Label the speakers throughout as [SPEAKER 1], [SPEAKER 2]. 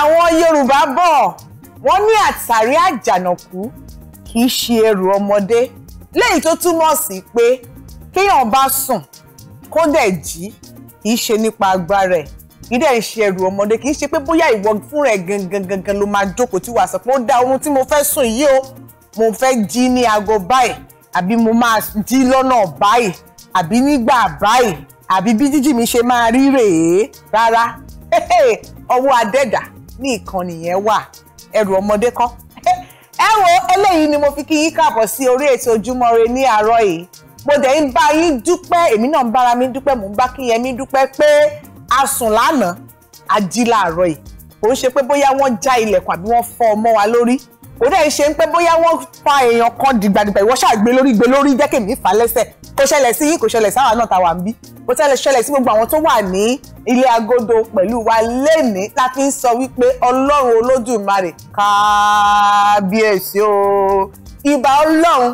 [SPEAKER 1] àwọn yorùbá bọ̀ wọ́n ní àtàrí àjànàkú kì í ṣe ẹrù ọmọdé léyìí tó túmọ̀ sí pé kéèyàn bá sùn kó dẹ̀ jí kì í ṣe nípa agbára ẹ̀ kì í dẹ̀ ṣe ẹrù ọmọdé kì í ṣe pé bóyá ìwọ fúnra ẹ̀ gangan gangan ló máa jókòó tí wàá sọ pé ó dá ohun tí mo fẹ́ sùn yìí o mo fẹ́ jí ní aago báyìí àbí mo máa jí lọ́nà báyìí àbí nígbà báyìí àbí bí jíjí mi ṣe máa rí rèé rárá ọwọ́ adẹ́dà ní ìkànnì yẹn wà ẹrù ọmọdé kọ́ ẹ wo eléyìí ni mo fi kí yín káàbọ̀ sí orí ètò ojúmọ́ ire ní àárọ̀ yìí mo dẹ̀ ń bá yín dúpẹ́ èmi náà ń bára mi dúpẹ́ mò ń bá Kíyẹmí dúpẹ́ pé a sùn lánàá a jí yìí kò ń ṣe pé bóyá wọ́n já ilẹ̀kùn àbí wọ́n fọ́ ọmọ wa lórí kò dẹ̀ ṣe ń pé bóyá wọ́n fa èèyàn kan dìgbàdìgbà ìwọ ṣáà gbé lórí gbé lórí jẹ́ kèmí fà lẹ́sẹ̀ kò ṣẹlẹ̀ sí yín kò ṣẹlẹ̀ sáwà náà táwa ń bí kò ṣẹlẹ̀ sí gbogbo àwọn tó wà ní ilé agodo pẹ̀lú wa lẹ́ni la fi ń sọ wípé ọlọ́run olódùmarè kábíyèsí o ìbà ọlọ́run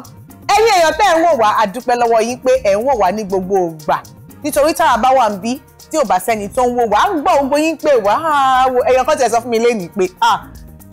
[SPEAKER 1] ẹ̀yin èèyàn tẹ́ ẹ̀ ń wò wá àdúpẹ́ lọ́wọ́ yín pé ẹ̀ ń wò wá ní gbogbo ògbà nítorí táwa bá wà ń bí tí ò bá sẹ́ni tó ń wò wá gbọ́ gbogbo yín pé wá ẹ̀yàn kan tẹ̀ sọ fún mi lẹ́nìí pé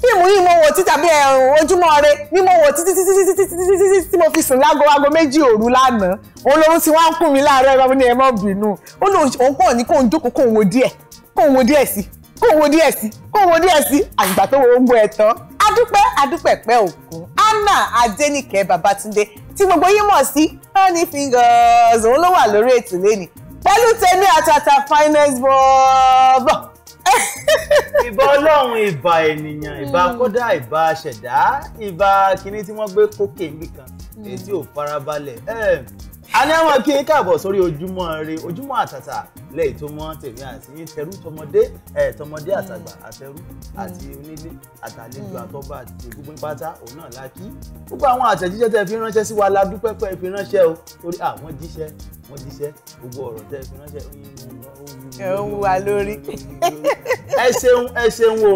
[SPEAKER 1] fíìmù yìí mo wò tí tàbí ẹ̀rùn ojúmọ́ re ni mo wò títí títí títí títí títí títí tí mo fi sùn láago aago méjì òru lánàá òun lorun ti wá ń kùn mí láàárọ̀ ẹ̀rọ ní ẹ bínú ó lóun òun kàn ní kóun jókòó kóun wo díẹ̀ kóun wo díẹ̀ sí kóun wo díẹ̀ sí kóun wo díẹ̀ sí àgbà tó wo gbogbo ẹ̀ tán adúpẹ́ adúpẹ́ pẹ́ òkun Anna Adéníkẹ́ Babátúndé tí gbogbo yín mọ̀ sí honey fingers òun ló wà lórí ètò lẹ́nìí pẹ̀lú tèmi àtàtà finance bọ́ọ̀bọ̀
[SPEAKER 2] ìbà ọlọ́run ìbà ènìyàn ìbà hmm. kódà ìbà ṣẹ̀dá ìbà kínní tí wọ́n gbé kókè níbìkan hmm. èyí tí ò farabalẹ̀ a ní àwọn kí n káàbọ̀ sórí ojúmọ́ re ojúmọ́ àtàtà lẹ́yìn tó mọ́ tèmi àti yín tẹrú tọmọdé ẹ̀ tọmọdé àtàgbà àtẹrú àti onílé àtàlejò àtọ́ba àti gbogbo pátá òun náà la kí gbogbo àwọn àtẹ̀jíṣẹ́ tẹ́ fi ránṣẹ́ sí wa la dúpẹ́ pé ẹ fi ránṣẹ́ o torí àwọn jíṣẹ́ wọ́n jíṣẹ́ gbogbo ọ̀rọ̀ tẹ́ fi ránṣẹ́ ẹ ń wà lórí. ẹ ṣeun ẹ ṣeun o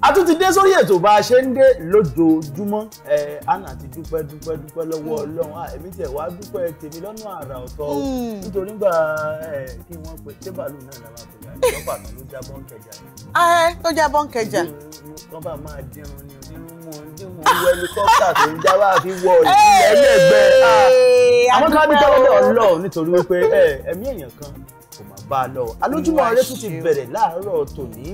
[SPEAKER 2] a tún ti dé sórí ètò bá a ṣe ń dé lójoojúmọ́ ẹ anna ti dúpẹ́ dúpẹ́ dúpẹ́ lọ́wọ́ hmm. ọlọ́run à ah, èmi tiẹ̀ wá dúpẹ́ tèmi lọ́nà àrà ọ̀tọ̀ o hmm. nítorí gbà ẹ kí wọ́n pe tébàlù náà làwọn àgbẹ̀lá ìjọba àná ló já bọ́ǹkẹjà.
[SPEAKER 3] Ah,
[SPEAKER 1] ẹ tó já bọ́ǹkẹjà.
[SPEAKER 2] wọ́n bá máa dínrun ni onírun mú un dín mú un wọ ẹlikọ́pítà tó ń já wá fi wọ ìlẹ́lẹ́gbẹ́ ah, àwọn ká dúpẹ́ lọ́dọ̀ ọlọ́run nítorí wípé ẹ̀mí èèyàn kan kò má bá a lọ alójúmọ́ ire tún ti bẹ̀rẹ̀ láàárọ̀ tòní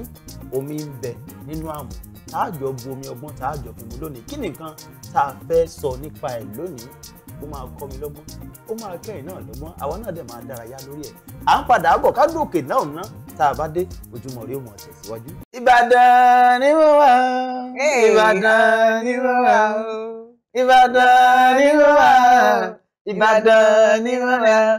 [SPEAKER 2] omi ń bẹ nínú àmù tá bu omi ọgbọ́n tá a jọ lónìí kí nìkan tá a fẹ́ sọ nípa ẹ̀ lónìí ó máa kọ́ mi lọ́gbọ́n ó máa kẹ́yìn náà lọ́gbọ́n àwa náà dẹ̀ máa dárayá lórí ẹ̀ à ń padà bọ̀ ká dókè náà ná tá a bá dé ojúmọ́ rí òmò tẹ̀síwájú. ìbàdàn ni mo wà ó ìbàdàn ni mo wà ó ìbàdàn ni mo wà ó ìbàdàn ni mo wà ó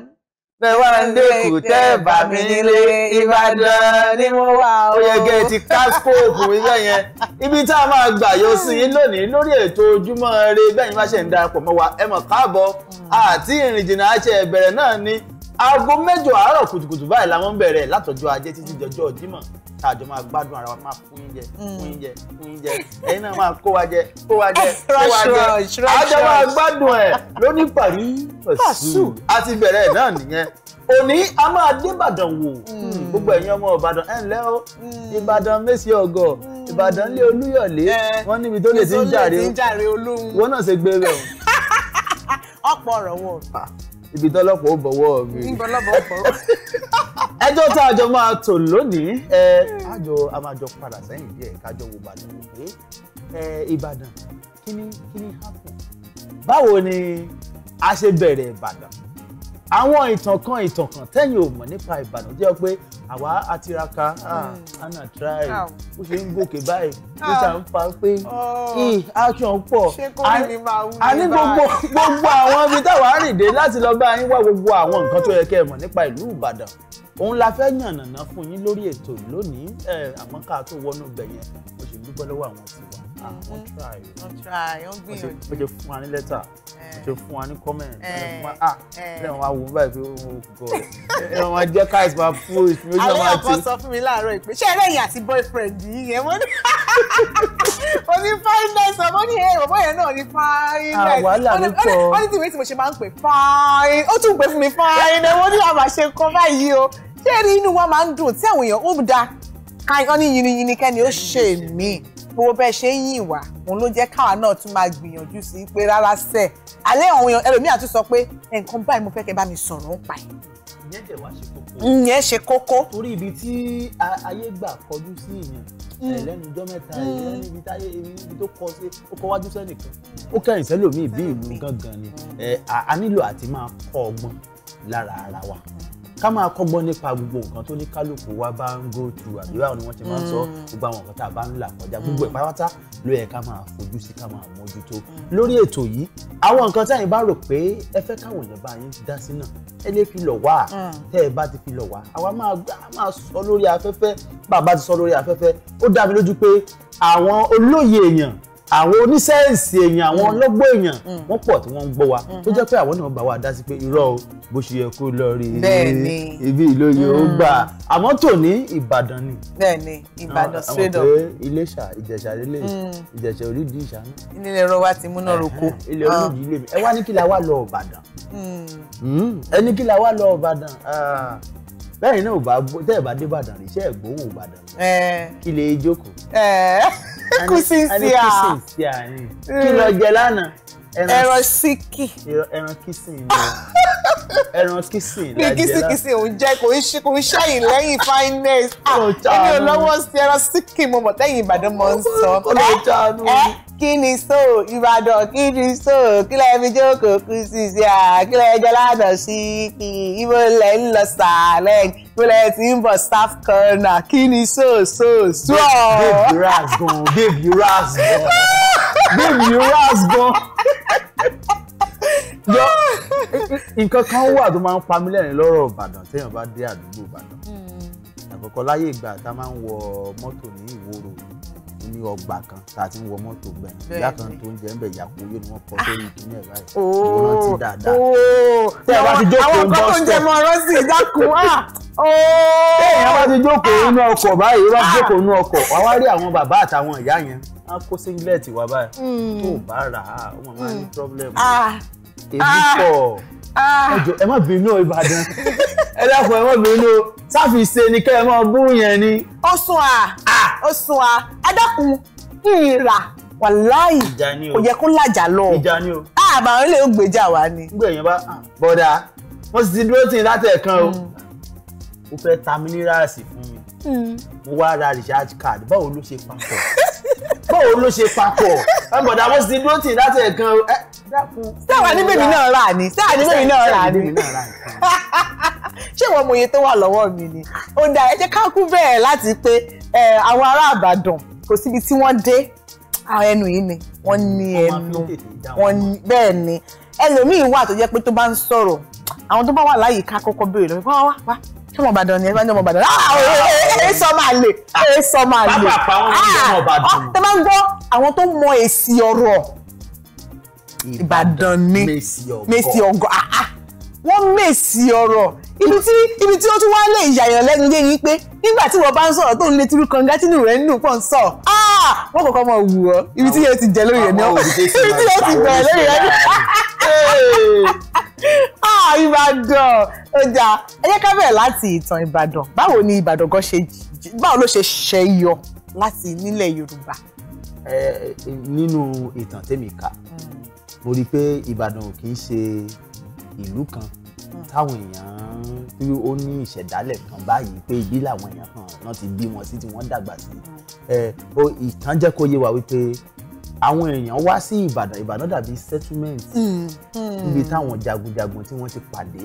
[SPEAKER 2] tẹ wá ń dẹ́kù tẹ́ bà mí nílé ìbàdàn ni mo wà ó. ó yẹ kẹ́ ẹ ti káskóòpù iṣẹ́ yẹn ibi tá a máa gbà yọ sí yín lónìí lórí ètò ojúmọ́ ire bẹ́ẹ̀ ni wọ́n ṣe ń darapọ̀ mọ́ wa ẹ mọ̀ káàbọ̀ mm. àti ìrìn jìnnà àṣẹ ìbẹ̀rẹ̀ náà ni aago mẹ́jọ àárọ̀ kùtùkùtù báyìí làwọn ń bẹ̀rẹ̀ látọjọ́ ajé títí dọjọ́ Jímọ̀ tá a jọ máa gbádùn ara wa máa fún yín jẹ fún mm. yín jẹ fún yín jẹ ẹ̀yin náà máa kó wa jẹ kó wa jẹ kó wa jẹ àjọ máa gbádùn ẹ̀ lóní pàrí pàṣù àti bẹ̀rẹ̀ náà nìyẹn òní a máa dé Ìbàdàn wò mm. gbogbo ẹ̀yin ọmọ Ìbàdàn ẹ̀ ńlẹ́ o mm. Ìbàdàn mẹ́sì ọgọ́ Ìbàdàn lé Olúyọ̀lé wọ́n níbi tó lè ti ń jàre olóhùn wọ́n náà ṣe gbé rẹ̀ o. ọ̀pọ̀ ọ̀rọ̀ wọn. Ah ibi tọ́lọ́pàá ó bọ̀wọ́ mi. ẹjọ́ tá a jọ máa tò lónìí ẹ àjọ a máa jọ padà sẹ́yìn díẹ̀ kájọ wò bàtà pé Ìbàdàn kí ni kí ni happen báwo ni a ṣe bẹ̀rẹ̀ Ìbàdàn àwọn ìtàn kan ìtàn kan tẹ́yìn ò mọ̀ nípa ìbànújẹ́ pé àwa àtiraka ah, hmm. anna try ó ṣe ń gòkè báyìí ó ṣà ń fa pé oh. action pọ̀ a ní gbogbo àwọn ibi táwa rìn dé láti lọ bá yín wá gbogbo àwọn nǹkan tó yẹ kẹ́ ẹ mọ̀ nípa ìlú Ìbàdàn òun la fẹ́ yànnàná fún yín lórí ètò lónìí àmọ́ ká tó wọnú gbẹ̀yẹn mo sì dúpẹ́ lọ́wọ́ àwọn tí wà wọ́n try wọ́n
[SPEAKER 1] try wọ́n gbìyànjú
[SPEAKER 2] wọ́n ṣe fún wa ní lẹ́tà wọ́n ṣe eh. fún wa ní comment eh. wọ́n fún wa
[SPEAKER 1] ah eh. ẹ̀ wọ́n
[SPEAKER 2] wò ó báyìí pé ó kú kọ́ ẹ̀ wọ́n jẹ́ káyọ̀ sí ma push mi ó sì máa ti. àwọn ọkọ sọ
[SPEAKER 1] fún mi láàárọ̀ ìpè ṣé ẹlẹ́yìn àti boyfriend yìí yẹn mo ní mo ní fineness ọmọ ní ẹ bọ̀bọ̀ yẹn náà ah, ní fineness wàhálà mi pọ̀ ó ní tìwé tí mo ṣe máa ń pè fine ó tún pè fún mi fine ẹ̀ mo ní àbàṣe kan báyìí o ṣé ẹni inú wa máa ń dùn tí àwọn èèyàn ó oh, da ká ọ ní yiniyini kẹ́ni ó ṣe mí gbogbo bẹ́ẹ̀ ṣe ń yìn wá òun ló jẹ́ káwa náà tún máa gbìyànjú sí pé rárá sẹ̀ alẹ́ àwọn èèyàn ẹlòmíà tún sọ pé nǹkan báyìí mo fẹ́ kẹ́ bá mi sọ̀rọ̀ ń pa ẹ̀. ìyẹn
[SPEAKER 2] dẹ̀ wá ṣe kókó. ìyẹn ṣe kókó. torí ibi tí ayé gbà kọjú sí ìyẹn mm. ẹlẹ́nu ọjọ́ mẹ́ta ẹlẹ́nu mm. ibi táyé ibi tó kọ sí ó kọ wájú sẹ́nìkan ó kẹ́yìn sẹ́lòmíì bí ìlú gangan ni mm. a nílò àti máa kọ́ ọgbọ́n lára ara wa ká máa kọ́gbọ́n nípa gbogbo nǹkan tó ní kálukú wa bá ń go through àbí báwo ni wọ́n ti máa ń sọ mm. gbogbo àwọn nǹkan tá a bá ń là kọjá gbogbo mm. ẹ̀ pátá ló yẹ ká máa fojú sí ká máa mójútó lórí ètò yìí àwọn nǹkan táyìn bá rò pé ẹ fẹ́ káwọn èèyàn bá yín dá sí náà ẹ lè fi lọ̀ wá mm. tẹ́ ẹ bá ti fi lọ̀ wá àwa máa sọ lórí afẹ́fẹ́ bàbá ti sọ lórí afẹ́fẹ́ ó dá mi lójú pé àwọn olóye èèyàn àwọn oníṣẹ́ǹsì èèyàn àwọn hmm. ọlọ́gbọ́n èèyàn hmm. wọ́n pọ̀ tí wọ́n ń gbọ́ wa hmm. tó jẹ́ pé àwọn náà bá wa dá sí pé irọ́ o bó ṣe yẹ kó lọ rí i ibi ìlóye ó gbà àmọ́ tòní Ìbàdàn ni. bẹ́ẹ̀ni Ìbàdàn straight up. àwọn pé Iléṣà Ìjẹ̀ṣà lélẹ̀ Ìjẹ̀ṣà orídìí ìṣáná. ilé ẹ̀rọ wa ti múná roko. ilé ah. orídìí ilé mi ẹ wá ní kí la wá lọ Ìbàdàn ẹ ní kí la wá lọ Ìbàdàn ah. bẹ́ẹ̀ ni tẹ́ ẹ̀ bá dé Ìbàdàn rí iṣẹ́ ẹ̀ gbowó Ìbàdàn eh. kí lè jókòó. Eh. kú sí sí à
[SPEAKER 3] kí ló jẹ
[SPEAKER 2] lánàá ẹran síkì ẹran kìsìn ẹran kìsìn la jẹ lánàá bí kìsìkìsì
[SPEAKER 1] òun jẹ kò ń ṣe kò ń ṣẹyìn lẹ́yìn finance ẹni olówó sí ẹran síkì mo mọ̀ tẹ́yìn Ìbàdàn mọ̀ ń sọ ẹ ẹ kí ni so ìbàdàn kí ni so kí lẹ́yìn fi jókòó kú sí sí à kí lẹ́yìn jẹ́ ládàn sí kí ibo lẹ̀ ń lọ sàlẹ̀ ibo lẹ̀ ti ń bọ̀ staff corner kí ni so so so.
[SPEAKER 3] babe
[SPEAKER 2] you ras gan babe you ras gan babe you ras gan. yọ nǹkan kan wà tó máa ń pa mí lẹ́rìn lọ́rọ̀ ìbàdàn téèyàn bá dé àdúgbò ìbàdàn
[SPEAKER 3] hmm.
[SPEAKER 2] àkọ́kọ́ láyé ìgbà tá a máa ń wọ mọ́tò ní ìwòrò ní ọgbà kan tá a ti ń wọ mọ́tò gbẹ̀ ìyá kan tó ń jẹ́ ń bẹ̀ ìyàpò yóò ni wọ́n kọ́ ah. sórí ìpínlẹ̀ báyìí ìwọ́n ti dáadáa.
[SPEAKER 3] tẹ́ ẹ bá ti jókòó ń bọ́ sọ àwọn ọkọ̀ tó ń jẹ mọ́ ọ̀rọ̀ sí ìdákùn á. tẹ́ ẹ bá ti
[SPEAKER 2] jókòó ah. inú ọkọ̀ báyìí bá ti ah. jókòó inú ọkọ̀ wá wá rí àwọn bàbá àtàwọn ìyá yẹn á kó singlet wá báyìí hmm. tó bá rà á ó mọ̀ máa ní hmm. problem.
[SPEAKER 3] èmi kọ̀ Ah. ẹjọ
[SPEAKER 2] ẹ má bínú Ìbàdàn ẹ dákun ẹ má bínú sáfì ṣe ni kẹ́ ẹ máa bú yẹn ni.
[SPEAKER 1] ó sùn à ó sùn à ẹ dákun ìrà wàláì kò yẹ kó làjà lọ
[SPEAKER 2] àbà àwọn ilé ògbèjà wa ni. Ah, gbẹ̀yìn bá ah, bọ́dà wọ́n sì ti dúró tì í látẹ̀kan o hmm. ó fẹ́ ta mí fún mi hmm. mo wá ra recharge card báwo ló ṣe papọ̀ báwo ló ṣe papọ̀ ẹ mọ̀dà mo ti dúró tì láti ẹ̀kan
[SPEAKER 3] ẹ dákun. sáwà ní bèbí náà rà ní sáwà ní bèbí náà rà ní
[SPEAKER 1] ṣé ìwọ mòye tó wà lọ́wọ́ mi ni ó dá ẹ jẹ́ ká kú bẹ́ẹ̀ láti pé àwọn ará àbàdàn kò síbi tí wọ́n dé àwọn ẹnu yìí ni wọ́n ní ẹnu wọ́n bẹ́ẹ̀ ni ẹlòmíín wà tó jẹ́ pé tó bá ń sọ̀rọ̀ àwọn tó bá wà láyìíká kọ́kọ́ béèrè lọ́wọ́ wá wá ọmọ ìbàdàn ni ẹ bá ní ọmọ ìbàdàn ah, ah, ah, ẹ sọ máa lè ẹ sọ máa lè tẹ bá ń gbọ́ àwọn tó mọ èsì ọ̀rọ̀ ìbàdàn ni mèsì ọ̀gọ̀ wọ́n mèsì ọ̀rọ̀ ibi tí ibi tí ó tún wá lè yàyàn lẹ́nu lé ni pé nígbà tí wọ́n bá ń sọ̀rọ̀ tó ń lé tìrú kànga tínú rẹ̀ ń dùn pọ̀ ń sọ̀ ah! wọ́n kọ́kọ́ mọ̀ wù ọ́ ibi tí yóò ti jẹ lórí rẹ̀ ní ah, ọ́ ibi tí yóò ti bẹ̀rẹ̀ lórí rẹ̀ ọ́ ah, Ìbàdàn ó jà ẹ láti ìtàn Ìbàdàn báwo ni Ìbàdàn gan ṣe báwo ló ṣe ṣẹyọ
[SPEAKER 2] láti nílẹ̀ Yorùbá. nínú ìtàn tèmi kà hmm. mo rí i pé Ìbàdàn kì í ṣe ìlú kan táwọn èèyàn tí ó ní ìṣẹ̀dálẹ̀ kan báyìí pé ibi làwọn èèyàn kan náà ti bí wọn sí tí wọ́n dàgbà sí ìtàn jẹ́ kó yé wa wípé àwọn èèyàn wá sí ìbàdàn ìbàdàn dàbí settlement
[SPEAKER 3] hmm, níbi hmm.
[SPEAKER 2] táwọn jagunjagun tí wọ́n ti pàdé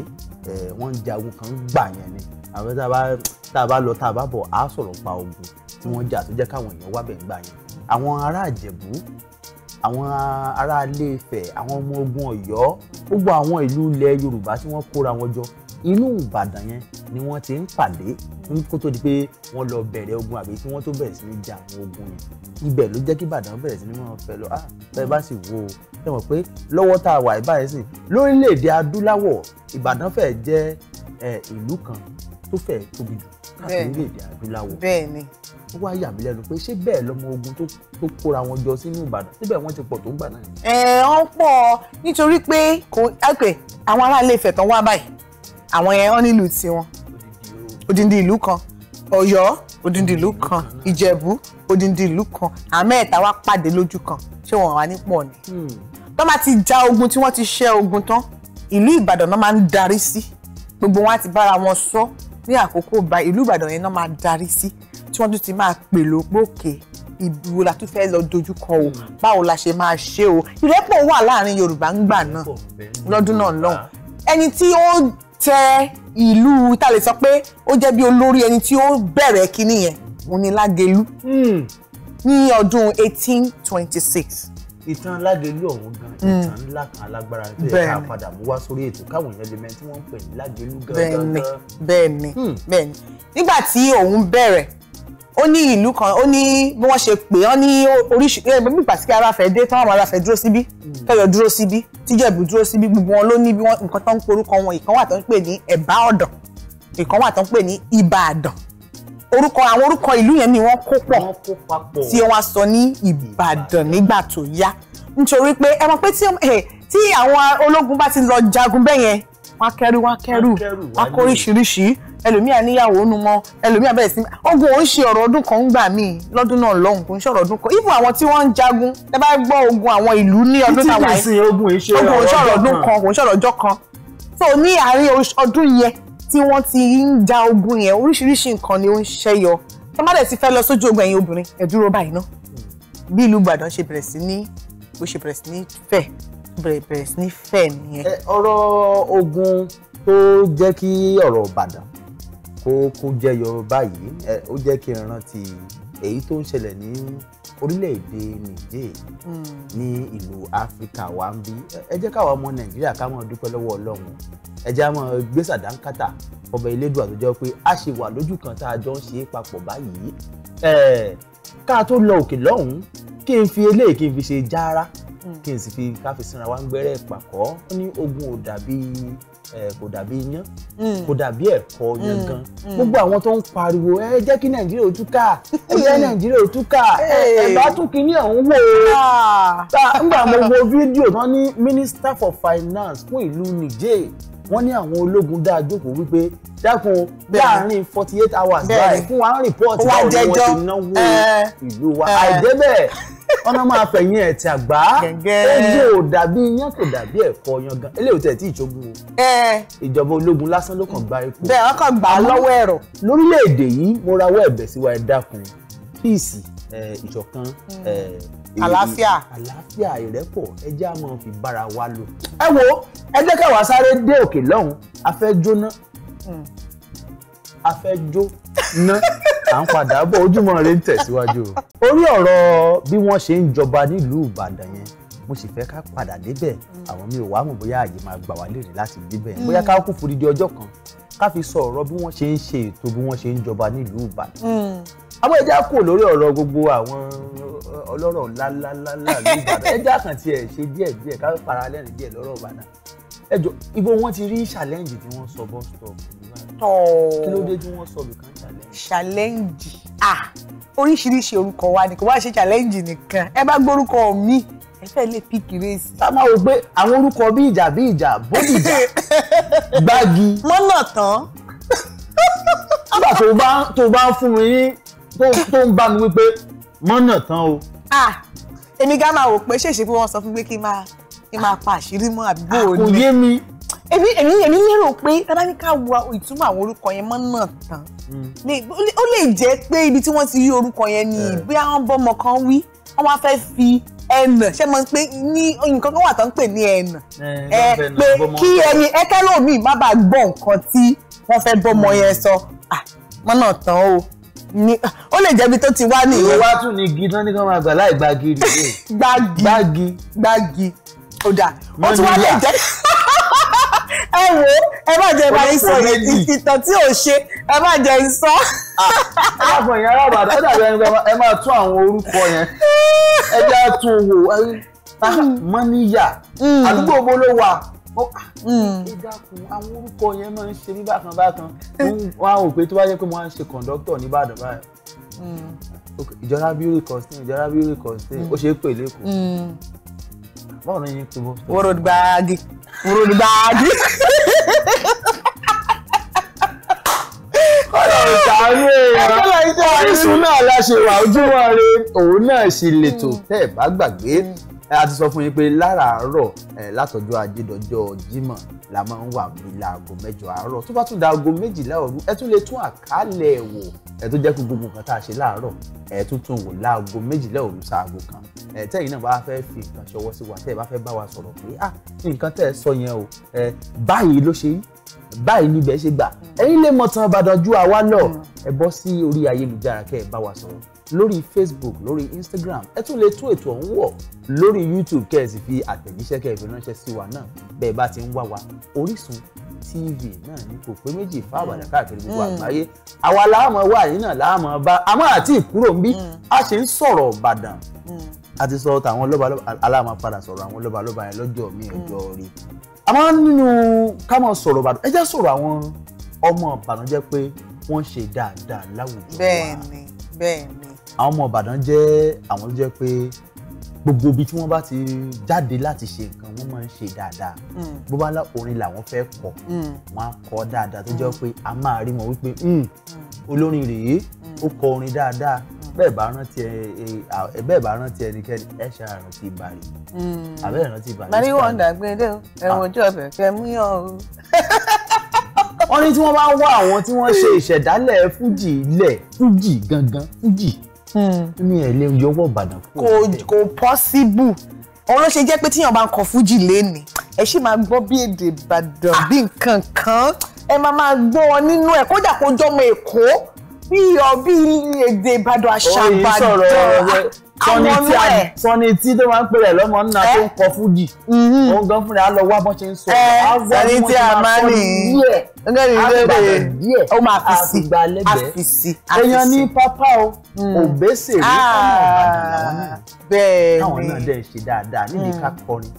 [SPEAKER 2] wọ́n ń jagun kan gbà yẹn ni àwọn tá a bá lọ tá a bá bọ̀ á sọ̀rọ̀ pa ogun tí wọ́n jà tó jẹ́ káwọn èèyàn wá bẹ̀ ń gbà yẹn àwọn ará àjẹ̀bú àwọn ará ilé Ifẹ̀ àwọn ọmọ ogun Ọ̀yọ́ gbogbo àwọn ìlú ilẹ̀ Yorùbá tí wọ́n kóra wọn jọ inú Ìbàdàn yẹn ni wọ́n ti ń pàdé kó tó di pé wọ́n lọ bẹ̀rẹ̀ ogun àbí tí wọ́n tó bẹ̀rẹ̀ sí ní ja àwọn ogun yẹn ibẹ̀ ló jẹ́ kí Ìbàdàn bẹ̀rẹ̀ sí ní máa fẹ́ lọ ah bẹ́ẹ̀ bá sì wo ẹ mọ̀ pé lọ́wọ́ tá a wà ìbáyẹn sìn lórílẹ̀‐èdè Ìbàdàn fẹ́ẹ̀ jẹ́ ìlú kan tó fẹ́ẹ̀ tóbi jù káàkiri lórílẹ̀‐èdè adúláwọ̀ bẹ́ẹ̀ ó wá yà mí lẹ́nu pé ṣé bẹ́ẹ̀ lọ́mọ ogun tó kóra wọn jọ sínú Ìbàdàn síbẹ̀ wọ́n ti pọ̀ tó ń gbà náà.
[SPEAKER 1] ẹ ọ ń pọ̀ nítorí pé kò àpè àwọn aráàlú Ifẹ̀ tán wá báyìí àwọn yẹn wọn nílùú tiwọn odindi ìlú kan Ọ̀yọ́ odindi ìlú kan Ìjẹ̀bú odindi ìlú kan àmẹ́ẹ̀ta wá pàdé lójú kan ṣé wọn wà ní pọ̀ ni. Hmm. tó bá ti ja ogun tí wọ́n ti ṣẹ́ ogun tán ìlú Ìbàdàn náà máa ń darí sí gbogbo wọn á ti bára wọn sọ ní àkókò ìlú Ìbàdàn yẹn náà máa darí sí wọ́n tún ti máa pè ló gbòkè ìdúró la tún fẹ́ lọ dojúkọ o hmm. báwo la ṣe máa ṣe o ìrẹ́pọ̀ wà láàrin Yorùbá ńgbà náà lọ́dún náà lọ́hùn ẹni tí ó tẹ ìlú tá lè sọ pé ó jẹ́ bí olórí ẹni tí ó bẹ̀rẹ̀ kínní yẹn òun ni Lágelú hmm. ní ọdún eighteen twenty six
[SPEAKER 2] ìtàn Lágelú ọ̀hún gan hmm. ìtàn ńlá kan alágbára tó yẹ ká padà mú wá sórí ètò káwọn èèyàn lè mẹ tí wọ́n ń pè ní Lágelú gangan. bẹ́ẹ̀ni
[SPEAKER 1] bẹ́ẹ̀ni bẹ́ẹ̀ni nígbà tí òun bẹ̀rẹ̀ ó ní ìlú kan ó ní bí wọ́n ṣe pè ó ní oríṣiríṣi ẹ bí pàṣẹ ara fẹ́ dé táwọn ara fẹ́ dúró síbí hmm. tọyọ dúró síbí tíjẹ̀bú dúró síbí gbogbo wọn ló ní bí wọn nǹkan tó ń porúkọ wọn ìkan wà tó ń pè ní ẹ̀bá ọ̀dàn ìkan wà tó ń pè ní ìbàdàn orúkọ àwọn orúkọ ìlú yẹn ni wọ́n kó pọ̀ tí wọ́n sọ ní ìbàdàn nígbà tó yá nítorí pé ẹ mọ̀ pé tí eh, àwọn ológun bá ti lọ jagun bẹ́yẹn wọ́n á kẹ́rù wọ́n á kẹ́rù wọ́n á kó oríṣiríṣi ẹlòmíà níyàwó nu mọ́ ẹlòmíà bẹ̀rẹ̀ sí ogun òun ṣe ọ̀rọ̀ ọdún kan ń gbà míì lọ́dún náà lọ́hùn kò ń ṣe ọ̀rọ̀ ọdún kan even àwọn tí wọ́n ń jagun ẹ bá gbọ́ ogun àwọn ìlú ní ọdún táwa yìí ogun òun ṣe ọ̀rọ̀ ọdún kan kò ń ṣe ọ̀rọ̀ ọjọ́ kan so ní àárín ọdún yẹn tí wọ́n ti ń ja ogun yẹn oríṣiríṣi nǹkan ni ó ń ṣẹ́yọ tó má dẹ̀ ti fẹ́ lọ sójú ogun ẹ̀yin obìnrin ẹ dúró báyìí ná bí ìlú Ìbàdàn ṣe bẹ̀rẹ̀ sí ní bó ṣe bẹ̀rẹ̀ sí ní fẹ̀
[SPEAKER 2] bẹ̀rẹ̀ bẹ̀rẹ̀ sí ní fẹ́ nìyẹn. ọ̀rọ̀ ogun tó jẹ́ kí ọ̀rọ̀ ìbàdàn kó kó jẹyọ báyìí ó jẹ́ kí n rántí èyí tó ń ṣẹlẹ̀ ní orílẹ̀-èdè Niger hmm. ní ìlú Áfíríkà wa ń bí ẹ jẹ́ káwa ọmọ Nàìjíríà ká máa dúpẹ́ lọ́wọ́ Ọlọ́run ẹ jẹ́ á máa gbé sàdánkátà ọba Elédùà tó jẹ́ pé a ṣe wà lójú kan tá a jọ ń ṣe é papọ̀ báyìí ká tó lọ òkè lọ́hùn-ún kí n fi eléyìí kí n fi ṣe jára Mm. kí n sì fi káfí sínra wa ń gbẹ́rẹ́ pàkọ́ ó ní ogun ò dàbí kò dàbí iyán mm. kò dàbí ẹ̀kọ́ yangan mm. gbogbo àwọn tó ń pariwo ẹ jẹ́ kí nàìjíríà ó túká ẹ jẹ́ nàìjíríà ó túká ẹ bá tún kíní ọ̀hún wò ó ah. ta ńgbà mo wo fídíò tán ní minister for finance fún ìlú niger wọ́n ní àwọn ológun dá a jókòó wípé dákun láàrin forty eight hours báyìí fún wa ń rìpọ́ọ̀tì báwo ni wọ́n ti náwó ìlú wa àìdébẹ̀ ọ̀nà máa fẹ̀yìn ẹ̀ tí àgbá ojú ò dàbí iyán kò dàbí ẹ̀fọ́ yangan eléyìí tẹ̀ tí ìjọba ìjọba ológun lásán ló kàn gba epo bẹ́ẹ̀ wọ́n kàn gbà á lọ́wọ́ ẹ̀rọ. lórílẹ̀‐èdè yìí mo rawọ́ ẹ̀bẹ̀ sí wa ẹ dákun píìsì ìṣọ̀kan hmm. àlàáfíà àlàáfíà ìrẹ́pọ̀ ẹ jẹ́ máa fi bára wa lò. Hmm. ẹ wo ẹ jẹ́ sáré dé òkè lọ́hùn-ún a fẹ́ jóná hmm afẹ́jó ná à ń padà bọ̀ ojúmọ́ rẹ ń tẹ̀síwájú o. orí ọ̀rọ̀ bí wọ́n ṣe ń jọba nílùú ìbàdàn yẹn mo sì fẹ́ ká padà débẹ̀ àwọn mi ò wá mọ̀ bóyá àyè máa gbà wá lérè láti débẹ̀ mm. bóyá ká kú fòdìdí ọjọ́ kan ká fi sọ ọ̀rọ̀ bí wọ́n ṣe ń ṣe ètò bí wọ́n ṣe ń jọba nílùú ìbàdàn. Mm. àmọ́ ẹja kò lórí ọ̀rọ̀ gbogbo àwọn ọlọ́rọ̀ ńláńláńlá ìbàdàn ẹja kan tiẹ̀ ṣe díẹ̀ díẹ̀ ká fara lẹ́rìn díẹ̀ lọ́rọ̀ ìbàdàn ẹjọ́ ibo wọ́n ti rí challenge tí wọ́n sọ bus stop
[SPEAKER 1] ìbàdàn Oh. kí ló dé tí wọ́n sọ lùkàn challenge. challenge ah oríṣiríṣi orúkọ wa ni kò wá ṣe challenge nìkan ẹ bá gbórúkọ mi ẹ fẹ́ lè pí kìrèsì. ká máa wò
[SPEAKER 2] pé àwọn orúkọ bí ìjà bí ìjà bódìjà gbági. mọ́nà tán. nígbà tó bá tó bá ń fún mi ní tó ń bá mi wípé mọ́nà tán o.
[SPEAKER 1] ah èmi gá máa wò pé ṣèṣe pé wọ́n sọ fún pé kí n máa kí n máa pa àṣírí mọ́ àbí bò ó mi èmi èmi èmi lérò pé tábà ní ká wo ìtumọ̀ àwọn orúkọ yẹn mọ́ náà tán hmm. ó lè jẹ́ pé ibi tí wọ́n ti rí orúkọ yẹn ni eh. bí àwọn bọ́mọ kan wí wọ́n wá fẹ́ fi ẹnà ṣé mo pé ní nǹkan kan wà tó ń pè ní ẹnà eh, ẹ pé kí ẹni ẹkẹlómi má bàa gbọ́ nǹkan tí wọ́n fẹ́ bọ́mọ hmm. yẹn sọ mọ́ náà tán o ni ó lè jẹ́bi tó ti wá ní ìwé. wá
[SPEAKER 2] tún ní igi tán ní kí wọ́n máa gbà láì gbági. gbági gbági ó dà ó tún wá lè jẹ́ ẹ wo ẹ má jẹ bá sọ ìtàn tí ò ṣe ẹ má jẹ sọ. aláàfin ah, yẹn alábàdàn ẹ dàbí ẹ máa tún àwọn orúkọ yẹn ẹ jẹ́ àtún wò ah, mm. mọ́níyà mm. àdúgbò wo ló wà ah,
[SPEAKER 3] mm. àwọn orúkọ
[SPEAKER 2] yẹn máa ń ṣe mí bákan bákan wọn àwọn òpè tó bá jẹ́ pé mo máa ń ṣe kọ̀ǹdọ́tọ̀ ní Ìbàdàn
[SPEAKER 3] báyìí
[SPEAKER 2] ìjọra bí ó rí kọ̀ọ̀sìn ìjọra bí ó rí kọ̀ọ̀sìn ó ṣe é pè
[SPEAKER 3] lẹ́kọ̀ọ́
[SPEAKER 2] báwo ni yín tó bó.
[SPEAKER 1] wòròdùgbàgì wòròdùgbàgì.
[SPEAKER 2] kọ́lọ̀ ìtààmú èèyàn Orísun náà la ṣe wà Ojúmọ́ Ire òun náà ṣe lètò hmm. tẹ́ ẹ̀ bá gbàgbé hmm. a ti sọ fún yín pé láràárọ̀ látọjọ́ ajé dọjọ́ Jímọ̀ la máa ń wà bí láago mẹ́jọ àárọ̀ tó bá tún da aago méjìlá òru ẹ tún lè tún àkálẹ̀ ẹ̀ wò ẹ tó jẹ́ kó gbogbo nǹkan tá a ṣe láàárọ̀ ẹ tún tún wò láago méjìlá òru sáago kan ẹ tẹ́yìn náà bá fẹ́ fi nǹkan ṣọwọ́ sí wa tẹ́ ẹ bá fẹ́ bá wa sọ̀rọ̀ pé ah nǹkan tẹ́ ẹ sọ yẹn o ẹ báyìí ló ṣe yí báyìí níbẹ̀ ṣe gbà ẹ̀yin lè mọ̀ tán Ìbàdàn ju àwa lọ mm. ẹ bọ́ sí orí ayélujára kẹ́ ẹ bá wa sọ̀rọ̀ lórí facebook lórí instagram ẹ tún lè tún ètò ọ̀hún wò lórí youtube kẹ́ ẹ sì fi àtẹ̀jíṣẹ́ kẹ́ ẹ fi ránṣẹ́ sí wa náà bẹ́ẹ̀ bá ti ń wá wa orísun tv náà ní kò pé méjì fáwàdà káàkiri gbogbo mm. àgbáyé àwa láàmú wà yìí náà láàmú bá àmọ́ àti ìkúrò ń bí mm. a ṣe ń sọ̀rọ̀ mm. a àti sọ tàwọn lọ́balọ́ba aláàmọ́ padà sọ̀rọ̀ àwọn lọ́balọ́ba yẹn lọ́jọ́ mi ọjọ́ rí àmọ́ nínú ká máa sọ̀rọ̀ ọ̀bàdàn ẹ jẹ́ sọ̀rọ̀ àwọn ọmọ ọ̀bàdàn jẹ́ pé wọ́n ṣe dáadáa láwùjọ
[SPEAKER 1] wa bẹ́ẹ̀ni
[SPEAKER 2] bẹ́ẹ̀ni àwọn ọmọ Ìbàdàn jẹ́ àwọn ló jẹ́ pé gbogbo ibi tí wọ́n bá ti jáde láti ṣe nǹkan wọ́n máa ń ṣe dáadáa mm. bó bá lá orin làwọn fẹ́ kọ mm. wọ́n á kọ dáadáa tó jẹ́ mm. pé a máa rí wọn wípé hmm, olórin rèé ó kọ orin dáadáa bẹ́ẹ̀ bá rántí ẹ bẹ́ẹ̀ bá rántí ẹnikẹ́ni ẹ ṣe àrántí ìbàrí àbẹ́ẹ̀ rántí ìbàrí. mari wọn
[SPEAKER 1] dàgbére o ẹ̀wọ̀n ah. ojú ọbẹ̀ fẹ́
[SPEAKER 2] mú yàn o. wọ́n ní tí wọ́n bá ń wá àwọn tí wọ́n ṣe ìṣẹ̀dálẹ̀ fújì lẹ̀ fújì gangan fújì Mm. mi ẹ̀ lè yọwọ́ ìbàdàn kúrò. kò kò pọ́síbù ọ̀rọ̀ ṣe jẹ́ pé tíyàn bá ń kọ fújì
[SPEAKER 1] lẹ́ni ẹ ṣì máa gbọ́ bí èdè ìbàdàn bí nǹkan kan ẹ máa máa gbọ́ ọ nínú ẹ̀ kódà kó jọmọ èkó bí ọ bí èdè ìbàdàn àṣà ìbàdàn
[SPEAKER 2] sọni tí tó máa ń pèrè lọ́mọ nínú tó ń kọ fújì mhm. òun gan fúnra lọ wá bọ́n ṣe ń sọ sọni tí a máa ní díẹ̀ ó máa fi sí àfìsí èèyàn ní pápá o òbẹ́sẹ̀ rí ọ̀nà ìbàdàn àwọn náà dẹ̀ ṣe dáadáa níbi ká kọrin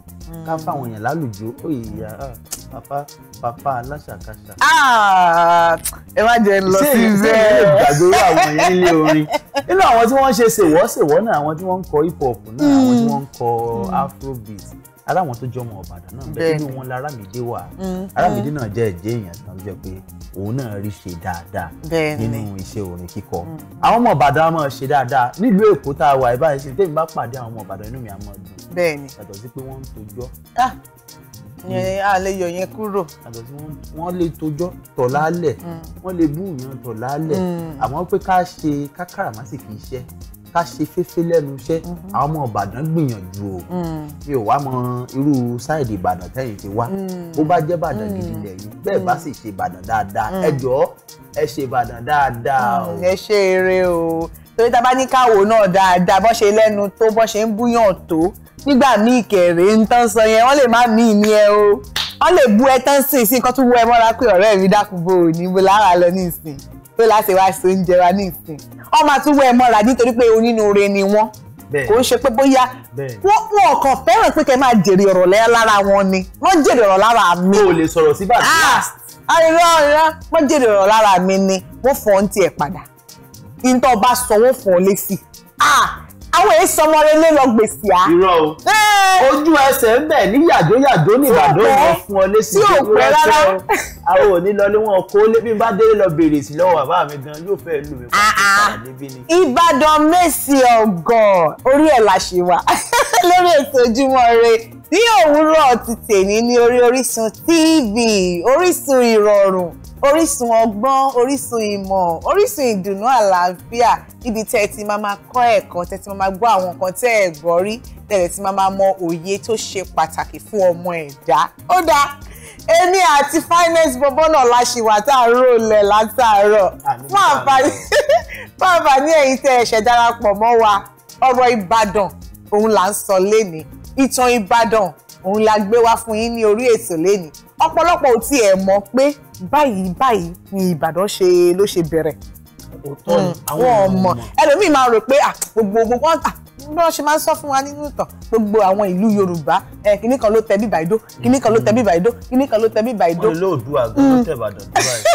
[SPEAKER 2] ká fáwọn èèyàn lálùjọ òyìnbá ah, pàpà pàpà aláṣàkáṣà.
[SPEAKER 1] Ah, ẹ má jẹ́ ń lọ sí bẹ́ẹ̀. ṣé èyí lè gbàgbé àwọn èèyàn ilé orin nínú àwọn tí
[SPEAKER 2] wọ́n ń ṣe ṣèwọ́ ṣèwọ́ náà àwọn tí wọ́n ń kọ hip hop náà àwọn tí wọ́n ń kọ hmm. afrobeat aláwọn tó jọmọ ọbàdàn náà bẹ́ẹ̀ inú wọn lárámìdé wà
[SPEAKER 3] mm-hmm. arámìdé
[SPEAKER 2] náà jẹ́ ẹ̀jẹ̀ èèyàn kan jẹ́ pé òun náà rí ṣe dáadáa nínú iṣẹ́ orin kíkọ mm. àwọn ọmọ ọbàdàn máa ṣe dáadáa nílùú èkó tá a wà ìbáyìí sí tèmi bá pàdé àwọn ọmọ ọbàdàn inú mi á máa dùn yàtọ̀ sí pé wọ́n ń tojọ́ ah! a lè yọ yẹn kúrò. àtọ̀ tí wọ́n lè tojọ́ tọ̀ lálẹ̀ mm. wọ́n lè bú ìyàn tọ̀ lálẹ̀ mm. àmọ́ pé ká ṣe ká ká ṣe fẹ́fẹ́ lẹ́nu iṣẹ́ mhm. àwọn ọmọ ìbàdàn gbìyànjú o mm. mi ò wá mọ irú sáìdì ìbàdàn tẹ́yìn ti wá mm. bó bá jẹ́ ìbàdàn mm. gidi lẹ́yìn bẹ́ẹ̀ bá sì ṣe ìbàdàn dáadáa ẹ jọ̀ọ́ ẹ ṣe ìbàdàn dáadáa o. ẹ ṣe eré o torí tá a bá ní káwò
[SPEAKER 1] náà dáadáa bó ṣe lẹ́nu tó bó ṣe ń búyàn tó nígbà míì kẹrẹ ń tán sọ yẹn wọ́n lè má mí ní ẹ o wọ́n lè bú ẹ tán sí ìsìn kan tún wú ẹ mọ́ra pé ọ̀rẹ́ mi dákúbò ní ní pé láti wá sí oúnjẹ wa ní ìsìn wọ́n máa tún wẹ́ ẹ mọ́ra nítorí pé onínúure ni wọ́n kò ń ṣe pé bóyá wọn kàn fẹ́ràn pé kẹ́ máa jèrè ọ̀rọ̀ lẹ́yà lára wọn ni wọ́n jèrè ọ̀rọ̀ lára mi. o lè sọ̀rọ̀ sí bàbá last. Ah! àìrọ́ àìrọ́ wọ́n jèrè ọ̀rọ̀ lára mi ni wọ́n fọ́ ń tiẹ̀ padà ìtọ́ bá sọ wọ́n fọ́ lẹ́sì àwọn èyí sọmọ relé lọ gbèsè á. irọ́ o ojú ẹsẹ̀ ń bẹ̀ ní yàjóyàjó ní ìbàdàn wọn fún ọ lé sí ìlú ẹsẹ̀
[SPEAKER 2] àwọn òní lọ ní wọn kó lé bí n bá délé lọ béèrè sí lọ́wọ́ bàbá mi gan yóò fẹ́ lù mí ah, ah. pàtàkì
[SPEAKER 1] níbí ni. ìbàdàn mèsì ọ̀gọ̀ oh orí ẹ̀ la ṣe wà lórí ètò ojúmọ́ ire ní òwúrọ̀ ti tèmi ní orí Orísun TV Orísun ìrọ̀rùn orísun ọgbọ́n orísun ìmọ̀ orísun ìdùnnú àlàáfíà níbi tẹ́ ẹ ti máa máa kọ́ ẹ̀kọ́ tẹ́ ti máa máa gbọ́ àwọn nǹkan tẹ́ ẹ gbọ́ rí tẹ́ ẹ ti máa máa mọ òye tó ṣe pàtàkì fún ọmọ ẹ̀dá ó dáa èmi àti finance bọ́bọ́ náà la ṣì wà tá à ń rólẹ̀ látàárọ̀ fún àǹfààní ẹ̀yin tẹ́ ẹ̀ṣẹ̀ darapọ̀ mọ́ wa ọ̀rọ̀ Ìbàdàn òun là ń sọ lénìí ìtàn Ìbàdàn òun la gbé wá fún yín ní orí ètò lénìí ọ̀pọ̀lọpọ̀ ò tiẹ̀ mọ̀ pé báyìí báyìí ni Ìbàdàn ṣe ló ṣe bẹ̀rẹ̀
[SPEAKER 3] hmm, wọn ọmọ
[SPEAKER 1] ẹlòmíì máa rò pé gbogbo gbogbo bí wọ́n ṣe máa ń sọ fún wa nínú ìtàn gbogbo àwọn ìlú Yorùbá ẹ kìnnì kan ló tẹ bíbà ìdó kìnnì kan ló hmm. tẹ bíbà ìdó kìnnì kan ló tẹ bíbà ìdó. wọn lè lóòdù
[SPEAKER 2] àgbọn ló hmm. tẹ Ìbàdàn tó báyìí.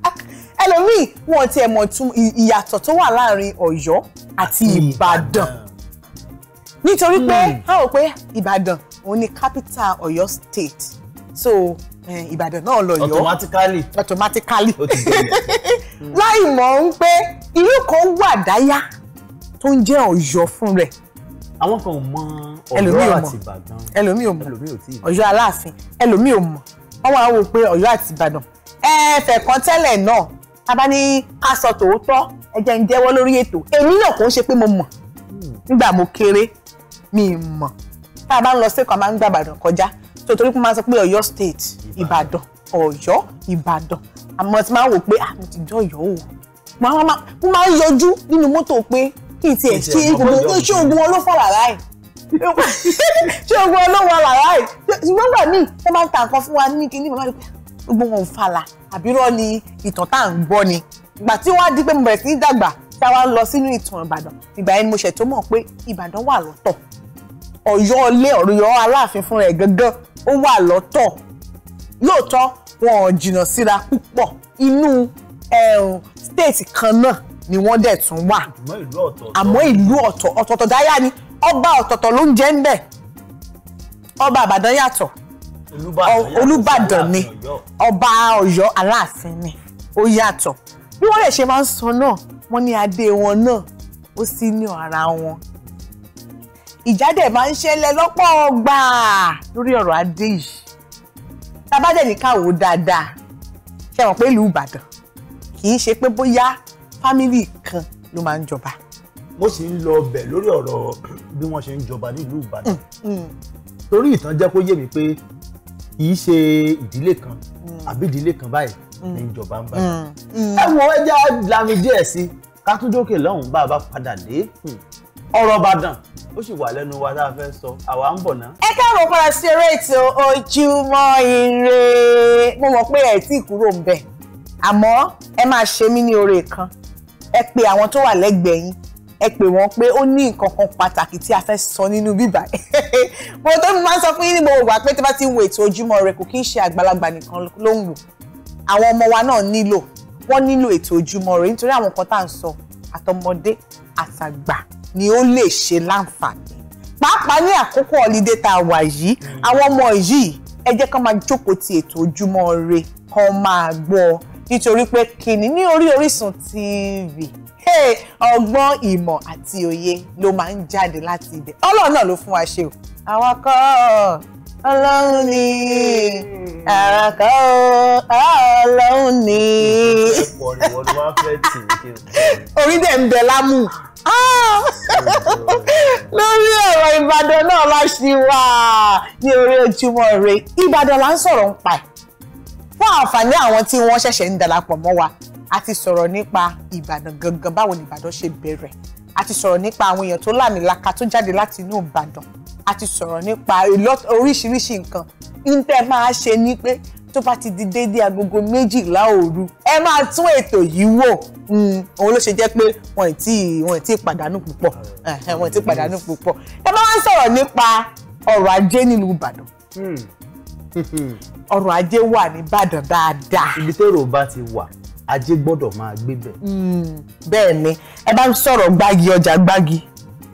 [SPEAKER 1] ẹlòmíì wọn ti ẹ̀ mọ̀ tún ìyàtọ̀ tó wà láàrin Ọ̀yọ́ àti Ìbàdàn nítorí pé a rò pé Ìbàdàn òun ni capital Ọ̀yọ́ state so Eh, ìbàdàn náà lọ yọ automatically automatically láì mọ̀ ń pé ìlú kan wà dáyà tó ń jẹ́ ọ̀yọ́ fún rẹ̀. àwọn kan ò mọ ọ̀yọ́ àti ìbàdàn ẹlòmíì ò mọ ọ̀yọ́ aláàfin ẹlòmíì ò mọ wọ́n wá wò pé ọ̀yọ́ àti ìbàdàn ẹ̀ẹ́fẹ̀ kan tẹ́lẹ̀ náà a bá ní ká sọ tòótọ́ ẹ jẹ́ ń jẹ́wọ́ lórí ètò èmi náà kò ń ṣe pé mo mọ̀ hmm. nígbà mo kéré mi mọ̀ tá a bá ń lọ sí ẹ̀kọ́ a máa ń gbàbàdàn kọjá tòtòrí pé mo máa ń sọ pé ọ̀yọ́ state ìbàdàn ọ̀yọ́ ìbàdàn àmọ́ ti máa ń wò pé ah mo ti jọ ọ̀yọ́ o mo máa ń yọjú nínú mọ́tò pé
[SPEAKER 3] kí n tiẹ̀ ṣe gbogbo ṣé ogun wọn ló fọ̀ rárá ẹ̀
[SPEAKER 1] ṣé ogun wọn ló wọ rárá ẹ̀ ṣùgbọ́n gbà míì wọ́n máa ń ta nǹkan fún wa ní kinní màmá gbogbo wọn ò falà àbírọ́ ni ìtàn tá à ń gbọ́ ni ìgbà tí wọ́n á di pé mo bẹ̀rẹ̀ sí í dàgbà tá a wá lọ sínú ìtàn ìbàdàn ìgbà yẹn ni mo ṣẹ̀ tó mọ̀ pé ìbàdàn wà lọ́tọ̀ ọ̀yọ́ ilé ọ̀rọ̀ aláàfin fúnra ẹ̀ gangan ó wà lọ́tọ̀ lóòótọ́ wọn ò jìnnà síra púpọ̀ inú eh, state kan náà ni wọ́n dẹ̀ tún wà àmọ́ ìlú ọ̀tọ̀ ọ̀tọ̀ọ̀tọ̀ dáyà ni ọba ọ̀tọ̀ọ̀tọ̀ ló ń jẹ́ ń bẹ̀ ọba àbàdàn yàtọ̀ olùbàdàn ni ọba ọ̀yọ́ aláàfin ni ó yàtọ̀ bí wọ́n lè ṣe máa ń sọ náà wọ́n ní adé wọn náà ó sì ní ara wọn ìjà máa ń ṣẹlẹ̀ lọ́pọ̀ ọgbà lórí ọ̀rọ̀ adé yìí tábà dẹ̀ ní káwọ́ dáadáa ṣe mọ̀ pé ìlú Ìbàdàn kì í ṣe pé bóyá fámìlì kan ló máa ń jọba.
[SPEAKER 2] mo sì ń lọ ọbẹ̀ lórí ọ̀rọ̀ bí wọ́n ṣe ń jọba nílùú Ìbàdàn mm, mm. torí ìtàn jẹ́ kó yé mi pé kì í ṣe ìdílé kan mm. àbí ìdílé kan báyìí ní ìjọba ń bá ẹ wọ ẹja lami díẹ̀ sí i ká lọ́hùn-ún bá a bá padà dé ọ̀rọ̀ Ìbàdàn ó sì wà lẹ́nu wa tá a fẹ́ sọ àwa ń bọ̀ náà. ẹ káàbọ̀
[SPEAKER 1] padà sí eré ètò ojúmọ́ ire mo mọ̀ pé ẹ̀ tí kúrò ń bẹ̀ àmọ́ ẹ máa ṣe mí ní oore kan ẹ pe àwọn tó wà lẹ́gbẹ̀ẹ́ yín ẹ pè wọ́n pé ó ní nǹkan kan pàtàkì tí a fẹ́ sọ nínú bíbá mo tó máa ń sọ fún yín ní gbogbo ìgbà pé tí bá ti ń wo ètò ojúmọ́ ire kò kí ń ṣe àgbàlagbà nìkan ló ń wò àwọn ọmọ wa náà nílò wọ́n nílò ètò ojúmọ́ ire nítorí àwọn kan tá à ń sọ àtọmọdé àtàgbà ni ó lè ṣe láǹfààní pàápàá ní àkókò ọ̀lídé tá a wà yìí àwọn ọmọ yìí ẹ jẹ́ máa jókòó ti ètò ojúmọ́ ire kán máa gbọ́ nítorí pé kìnní ní orí Orísun TV ọgbọ́n ìmọ̀ àti òye ló máa ń jáde láti ibẹ̀ ọlọ́run náà ló fún wa ṣe o àwọn kọ́ ọlọ́run ni àwọn kọ́ ọlọ́run ni. orí dẹ̀ ń bẹ lámù. Ah!
[SPEAKER 3] lórí ọ̀rọ̀ ìbàdàn náà la
[SPEAKER 1] ṣì wà ní orí ojúmọ́ ire ìbàdàn là ń sọ̀rọ̀ ń pa ẹ̀ fún àǹfààní àwọn tí wọ́n ṣẹ̀ṣẹ̀ ń darapọ̀ mọ́ wa a ti sọ̀rọ̀ nípa ìbàdàn gangan báwo ni ìbàdàn ṣe bẹ̀rẹ̀ a ti sọ̀rọ̀ nípa àwọn èèyàn tó lámìlaka tó jáde láti inú ìbàdàn a ti sọ̀rọ̀ nípa oríṣiríṣi nǹkan ní tẹ́ máa ṣe ni pé tó bá ti di déédéé agogo méjìlá òru ẹ máa tún ètò yìí wò hmm, òun ló ṣe jẹ́ pé wọn ì tí wọn ì tí pàdánù púpọ̀ wọn ì tí pàdánù púpọ̀ ẹ bá wá ń sọ̀rọ̀ nípa ọrọ̀ ajé nílùú Ìbàdàn hmm. ọrọ̀ ajé wà ní Ìbàdàn dáadáa. ibi tó rò bá ti wà ajé gbọ́dọ̀ máa gbé bẹ̀. Hmm, bẹ́ẹ̀ ni ẹ bá ń sọ̀rọ̀ gbági ọjà gbági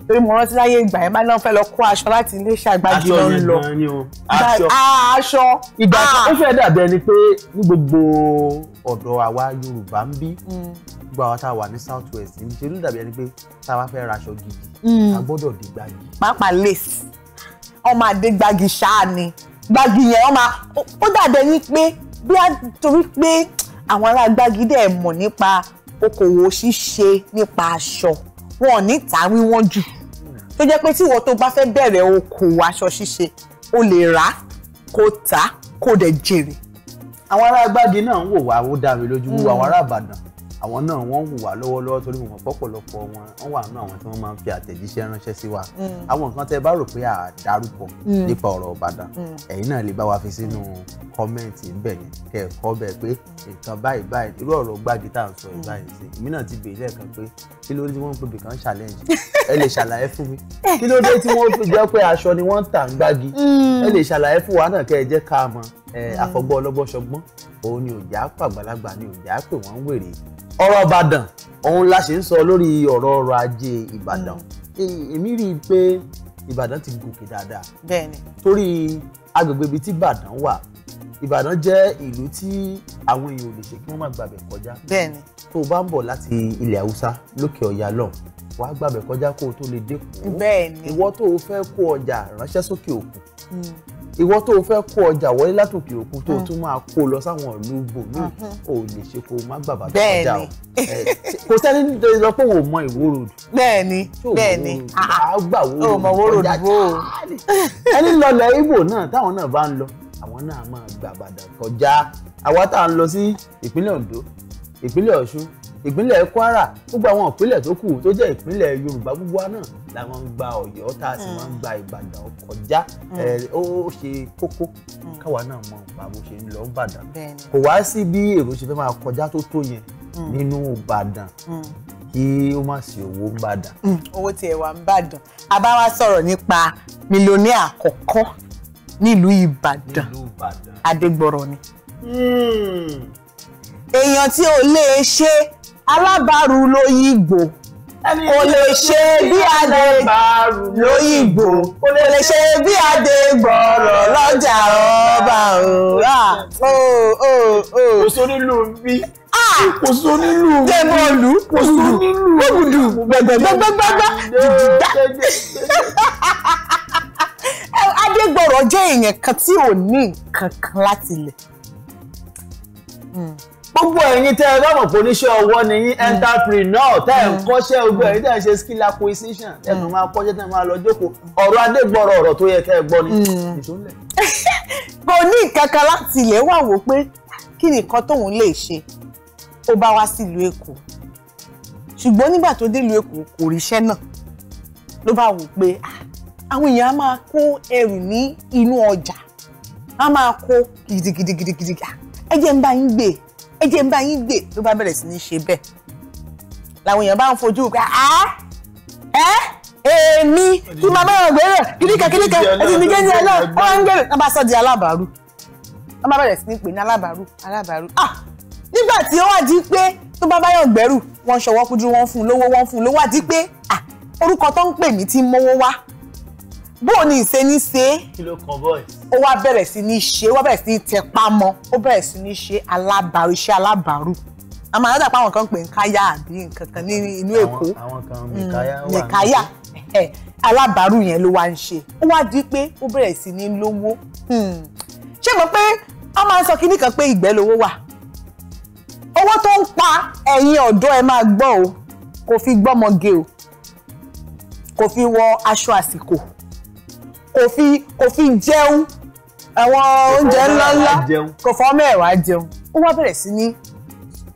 [SPEAKER 1] torí mo rántí láyé ìgbà yẹn máa ń fẹ́ lọ kó aṣọ láti ilé iṣẹ́ àgbàjì lọ
[SPEAKER 3] ń
[SPEAKER 2] lọ ah, aṣọ ìgbà ó ah. fẹ́ dàbí ẹni pé ní gbogbo ọ̀dọ̀ àwa Yorùbá ń bí mm. gbogbo àwa tá a wà ní South West ń ṣe ló dàbí ẹni pé tá a bá fẹ́ raṣọ gidi mm. a gbọ́dọ̀ dé gbági.
[SPEAKER 1] pàápàá lace ọmọ àdé gbági ṣáà ni gbági yẹn ọmọ ó dàbí ẹni pé bí a torí pé àwọn ará gbági dẹ̀ mọ̀ nípa okòwò ṣíṣe nípa aṣọ wọn ò ní ta wíwọ́n jù tó jẹ́ pé tí ìwọ tó bá fẹ́ bẹ̀rẹ̀ okòwò aṣọ ṣíṣe o
[SPEAKER 2] lè rà kó tà kó dẹ̀ jèrè. àwọn ará agbáde náà ń wò wá ó dá mi lójú wíwá hmm. àwọn ará Ìbàdàn àwọn náà wọ́n ń wà lọ́wọ́lọ́wọ́ torí mo mọ̀ pọ̀pọ̀lọpọ̀ wọn wọ́n wà nínú àwọn tí wọ́n máa ń fi àtẹ̀jíṣẹ́ ránṣẹ́ sí wa mm. àwọn nǹkan tẹ́ bá rò pé à dárúkọ mm. nípa ọ̀rọ̀ Ìbàdàn mm. ẹ̀yin náà lè bá wa fi sínú kọ́mẹ́ǹtì ńbẹ̀ yẹn kẹ́ ẹ̀ kọ́ bẹ̀ pé nǹkan báyìí báyìí irú ọ̀rọ̀ gbági tá à ń sọ yìí báyìí sí èmi náà ti bèèrè lẹ́ẹ̀kan pé kí ló dé tí wọ́n ń pè bìkan challenge ẹ lè ṣàlàyé fún mi eh. kí ló dé tí wọ́n fi jẹ́ pé aṣọ ni wọ́n ń tà ń gbági ẹ lè ṣàlàyé fún wa náà kẹ́ ẹ jẹ́ ká mọ̀ àfọgbọ́ eh, ọlọ́gbọ́n ṣọgbọ́n òun ni òjá pàgbàlagbà ni òjá pè wọ́n wèrè ọ̀rọ̀ ìbàdàn òun la ṣe ń sọ lórí ọ̀rọ̀ ọrọ̀ ajé ìbàdàn èmi rí i pé ìbàdàn ti gòkè dáadáa bẹ́ẹ̀ni torí agbègbè ibi tí ìbàdàn wà ìbàdàn jẹ́ ìlú tí àwọn èèyàn ò lè ṣe kí wọ́n má gbàbẹ̀ kọjá bẹ́ẹ̀ni tó o bá ń bọ̀ láti ilẹ̀ haúsá lókè ọ̀yà lọ wàá gbàbẹ̀ kọjá kó o tó lè dẹ́kun ìwọ tó o fẹ́ kó ọjà ránṣẹ́ sókè òkun hmm ìwọ tó o fẹ́ kó ọjà wọlé látòkè òkun tó o hmm. tún máa kó lọ sáwọn ìlú bòmí hmm. o lè ṣe kó o má gbàgbà tó ọjà o kò sẹ́ni nítorí lọ pé òun ò mọ ìwóró rẹ̀. bẹ́ẹ̀ni bẹ́ẹ̀ni àgbà wo ọjà ẹni lọlẹ̀ ibo náà táwọn náà bá ń lọ àwọn náà máa gbàgbà kọjá àwa tá à ń lọ sí ìpínlẹ̀ Ondo ìpínlẹ̀ Ọ̀ṣun ìpínlẹ̀ Kwara gbogbo àwọn ìpínlẹ̀ tó kù tó jẹ́ ìpínlẹ̀ Yorùbá gbogbo wa náà la máa ń gba Ọ̀yọ́ tá a sì máa ń gba Ìbàdàn kọjá mm. ó ṣe kókó káwa náà mọ bàbá ṣe ń lọ Ìbàdàn kò wá sí bí èrò ṣe fẹ́ máa kọjá tó tó yẹn mm. nínú Ìbàdàn mm. kí ó má sí owó ń
[SPEAKER 1] owó tí ẹ wà ń bàdàn a bá wá sọ̀rọ̀ nípa mílíọ̀nìà àkọ́kọ́ nílùú Ìbàdàn Adégbọ̀rọ̀ ni.
[SPEAKER 3] Hmm.
[SPEAKER 1] èèyàn tí ò lè ṣe alábàárù lóyìnbó kò lè
[SPEAKER 3] ṣe
[SPEAKER 2] bí adé lóyìnbó kò lè ṣe bí adé gbọ̀rọ̀ lọ́jà ọba òwúrà ah, o o o. kò sóní ah! lù
[SPEAKER 1] mí kò sóní lù mí débọ̀lù kò sóní lù mí gbẹ̀gbẹ̀gbẹ̀gbẹ̀gbẹ̀ jìjìdá. adégbọ̀rọ̀ jẹ́
[SPEAKER 2] èèyàn kan tí ò ní nǹkan kan láti lẹ̀. Hmm gbogbo ẹ̀yin tẹ́ ẹ bá mọ̀ pé oníṣẹ́ ọwọ́ ni yín hmm. entrepreneur tẹ́ ẹ̀ ń hmm. kọ́ṣẹ́ gbogbo ẹ̀yin hmm. tẹ́ ẹ̀ ṣe skill acquisition tẹ́ ẹ̀ máa kọ́ṣẹ́ tẹ́ ẹ̀ máa lọ jókòó ọ̀rọ̀ adégbọ̀rọ̀ ọ̀rọ̀ tó yẹ kẹ́ ẹ gbọ́ ni. kò ní ìkankan láti ilẹ̀ wà wò pé kí nìkan tóun lè ṣe
[SPEAKER 1] ó bá wá sílùú èkó ṣùgbọ́n nígbà tó dé ìlú èkó kò ríṣẹ́ náà ló bá wò pé àwọn èèyàn á máa kó ẹrù ní inú ọjà á máa kó gidigidigidigidi ẹ jẹ́ ń bá yín gbé e ẹ jẹ́ n bá yín gbé ló bá bẹ̀rẹ̀ sí ní ṣe bẹ́ẹ̀ làwọn èèyàn bá ń fojú pé á ẹ èmi kí màmá ọ̀gbẹ́ rẹ̀ kíníkà kíníkà ẹ̀sìn ní jẹ́ni ẹlọ́ ọ máa ń gbèrè wọ́n sọ di alábàárù wọ́n bẹ̀rẹ̀ sí ní pè ní alábàárù alábàárù ah nígbà tí ó wá di pé tó bá báyọ̀ gbẹ́rù wọ́n ṣọwọ́ kújú wọ́n fún un lówó wọ́n fún un lówó wá di pé ah orúkọ tó ń pè mí ti mówó wá bóò ni ìṣe ní ṣe.
[SPEAKER 2] kí ló kàn bọ́ọ̀sì
[SPEAKER 1] ó wá bẹ̀rẹ̀ sí ní ṣe ó wá bẹ̀rẹ̀ sí ní tẹpá mọ́ ó bẹ̀rẹ̀ sí ní ṣe alábàárù iṣẹ́ alábàárù àmọ́ àdàdà pé àwọn kan ń pè ń káyà àbí nǹkan kan ní inú èkó àwọn kan mìkáyà mm, alábàárù yẹn ló wá ń ṣe ó wá di pé ó bẹ̀rẹ̀ sí ní lówó hmm. ṣé mo pé wọ́n máa ń sọ kíní kan pé ìgbẹ́ lówó wà owó tó ń pa ẹ̀yin ọ̀dọ́ ẹ máa gbọ́ o kò fi gbọ́mọge o kò fi wọ aṣọ àsìkò kò fi kò fi jẹun àwọn oúnjẹ ńláńlá kò fọ́ mẹ́wàá jẹun ó wá bẹ̀rẹ̀ sí ní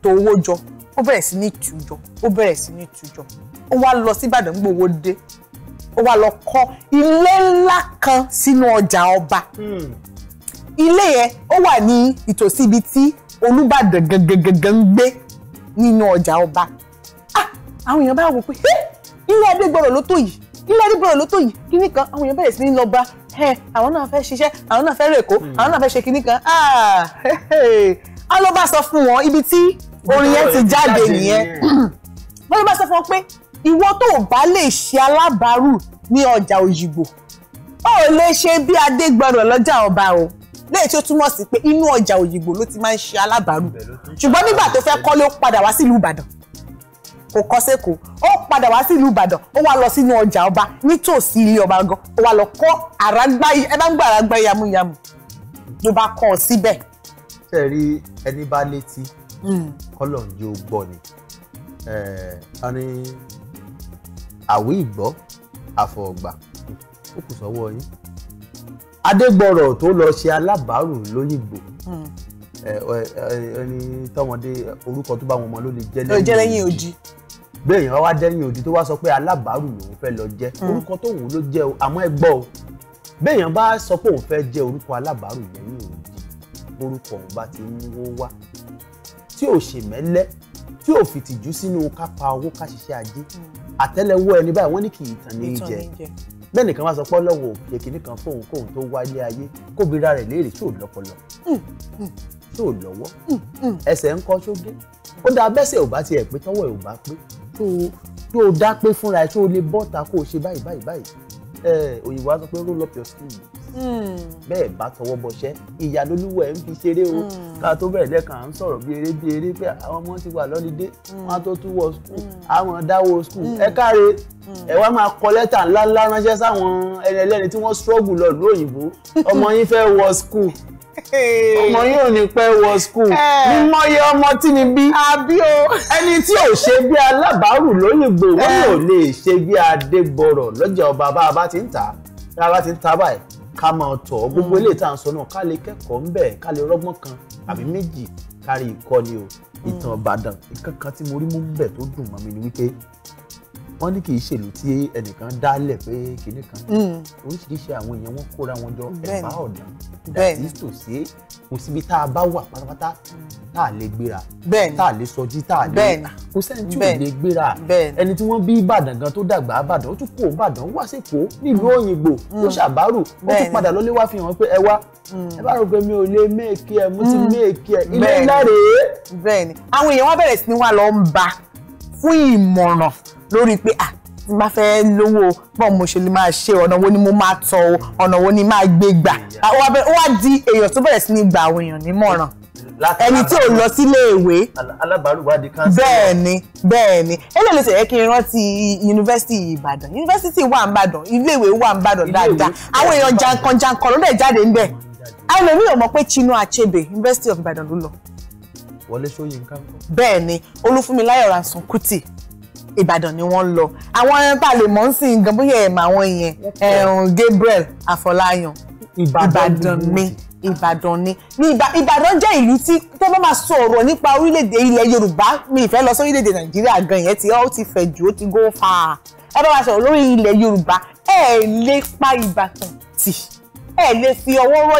[SPEAKER 1] tòwó jọ ó bẹ̀rẹ̀ sí ní tùjọ ó bẹ̀rẹ̀ sí ní tùjọ ó wá lọ sí Ìbàdàn gbowó dé ó wá lọ kọ́ ilé ńlá kan sínú ọjà ọba hmm. ilé yẹn ó wà ní ìtòsí ibi tí Olúbàdàn gangan ń gbé nínú ọjà ọba ah! àwọn èèyàn bá wò pé ilé adégbọrọ ló tó yìí ilé adégbọrọ ló tó yìí kíní kan àwọn èèyàn bẹ̀rẹ̀ sí ní lọ bá ẹ àwọn náà fẹ́ ṣiṣẹ́ àwọn náà fẹ́ rèkó hmm. àwọn náà fẹ́ ṣe kinní kan á ah, ló bá sọ fún wọn ibi tí orin yẹn ti jáde nìyẹn wọ́n ló bá sọ fún wọn pé ìwọ tó o bá lè ṣe alábàárù ní ọjà òyìnbó ó lè ṣe bí adégbọràn lọ́jà ọba o lẹ́yìn tí ó túmọ̀ sí pé inú ọjà òyìnbó ló ti máa ń ṣe alábàárù ṣùgbọ́n nígbà tó fẹ́ kọ́ ló padà wá sílùú ìbàdàn kò kọ́ sẹ́kọ̀ọ́ ó padà wá sí ìlú ìbàdàn ó wá lọ sínú ọjà ọba nítòsí ilé ọba gan ó wá lọ kọ́ àràgbáyé ẹ bá ń gbọ́ àràgbáyé yamuyamu ló bá kọ́ ọ síbẹ̀.
[SPEAKER 2] ṣe rí ẹni bá létí hmm. kọ́lọ̀ ń yóò gbọ́ ni a ní àwí ìgbọ́ àfọ̀ọ̀gbà ó kù sọ́wọ́ yín adégbọ̀rọ̀ tó lọ ṣe alábàárù lóyìnbó hmm. ẹni tọmọdé orúkọ tó bá wọn mọ ló lè jẹ́ lẹ́yìn òjì bẹ́ẹ̀ yìí wọ́n wá dẹ́yìn òdì tó wá sọ pé alábàárù lòun fẹ́ lọ jẹ́ mm. orúkọ tó wù ú ló jẹ́ o àmọ́ ẹ gbọ́ o bẹ́ẹ̀ yẹn bá sọ pé òun fẹ́ jẹ́ orúkọ alábàárù lẹ́yìn òdì orúkọ òun bá ti ń wó wá tí ò ṣe mẹ́lẹ́ tí ò fìtìjú sínú kápá owó káṣiṣẹ́ ajé mm. àtẹ́lẹwọ́ ẹni báyìí wọ́n ní kì í tàn ní í jẹ bẹ́ẹ̀ nìkan wá sọ pé ọlọ́wọ́ òkè kìíní kan fóun kóun tó wáyé ayé kóbira rẹ̀ léèrè tí ò lọ́pọlọ tí mm, ò lọ́wọ́ ẹsẹ̀ ń sóge ó dáa bẹ́sẹ̀ ò bá tiẹ̀ pé tọ́wọ́ ẹ̀ ò bá pé tó tó dá pé fúnra ẹ tó lè bọ́ta kó o ṣe báyìí báyìí báyìí òyìnbó á sọ pé roll up your sleeve hmm. bẹ́ẹ̀ bá tọwọ́ bọṣẹ́ ìyá lolúwẹ̀ ń fi ṣeré o hmm. ká tó bẹ̀rẹ̀ lẹ́ẹ̀kan à ń sọ̀rọ̀ bí eré bí eré pé àwọn ọmọ ti wà lọ́lídé hmm. wọn á tó tún wọ skul àwọn dáwọ skul ẹ káre ẹ wá máa kọ lẹ́tà ńláńlá ránṣẹ́ sáwọn ẹni ẹlẹ́ni tí wọ́n struggle lọ lóyìnbó ọmọ yín fẹ́ wọ skul ọmọ yóò ní pẹ́ wọ skul eh. ní mọ́yé ọmọ tí ni bí ẹni tí ò ṣe bí alábàárù lóyìnbó wọn eh. ò lè ṣe bí adébọrọ̀ lọ́jà ọba bá a bá ti ń tà á bá ti ń tà báyìí ká máa tọ̀ gbogbo ilé hmm. ìta àǹsọ náà ká lè kẹ́kọ̀ọ́ ńbẹ̀ ká lè rọ́gbọ́n kan àbí hmm. méjì kárí ìkọ́ni o hmm. ìtàn Ìbàdàn ìkankan tí mo rí mú bẹ̀ tó dùn mọ́ mi ni wípé wọ́n ní kì í ṣèlú tí ẹnìkan dálẹ̀ pé kinní kan hmm. oríṣiríṣi àwọn èèyàn wọn kóra wọn jọ ẹ̀bá ọ̀dàn dàbí tòsí kò síbi tá a bá wà pátápátá tá a lè gbéra tá a lè sọjí tá a lè kò sẹ́ni tí ò lè gbéra ẹni tí wọ́n bí Ìbàdàn gan tó dàgbà Ìbàdàn ó tún kó Ìbàdàn wá sèkó nílùú hmm. Òyìngbò ó hmm. ṣàbárò ó tún padà lọ́lé wá fi hàn pé ẹ wá ẹ bá rò pé mi ò lè méèkì ẹ mo ti méèkì ẹ ilé ńlá rèé. bẹ́ẹ̀ni
[SPEAKER 1] àwọn èèyàn wọn bẹ̀rẹ̀ sí ni wọn lọ ń ba fún ìmọ̀ràn lórí pé ah tí bá fẹ́ lówó bọ́ọ̀ mo ṣe lè máa ṣe ọ̀nà wo ni mo máa tọ̀ o ọ̀nà wo ni máa gbé gbà ah, ó wá di èèyàn tó bẹ̀rẹ̀ sí ní gba àwọn èèyàn nímọ̀ràn
[SPEAKER 2] ẹni tí ò lọ sílé ìwé bẹ́ẹ̀
[SPEAKER 1] ni bẹ́ẹ̀ ni eléyìí ló ṣe yẹ kí n rántí yunifásitì Ìbàdàn yunifásitì wà ń bàdàn ilé ìwé wà ń bàdàn dáadáa àwọn èèyàn jankan jankan ló dẹ̀ jáde ń bẹ̀ àwọn èmi mọ̀ pé Chinua Achebe yunifásitì of Ìbàdàn ló lọ.
[SPEAKER 2] Wọlé Ṣóyínká.
[SPEAKER 1] bẹ́ẹ̀ ni Olúfúnmiláyọ̀ Ransome Kuti ìbàdàn ni wọ́n lọ àwọn tá a lè mọ̀ ń sìn gan bóyá ẹ̀ mọ̀ àwọn yẹn Gabriel Afọláyàn ìbàdàn ni ìbàdàn ni ní ìbàdàn jẹ́ ìlú tí tó bá máa sọ̀rọ̀ nípa orílẹ̀-èdè ilẹ̀ yorùbá mi ìfẹ́ lọ sí èdè nàìjíríà gan yẹn ti ó ti fẹ̀ jù ó ti go far ẹ bá wa sọ̀rọ̀ lórí ilẹ̀ yorùbá ẹ lè pa ìbàdàn tì ẹ lè fi ọwọ́ rọ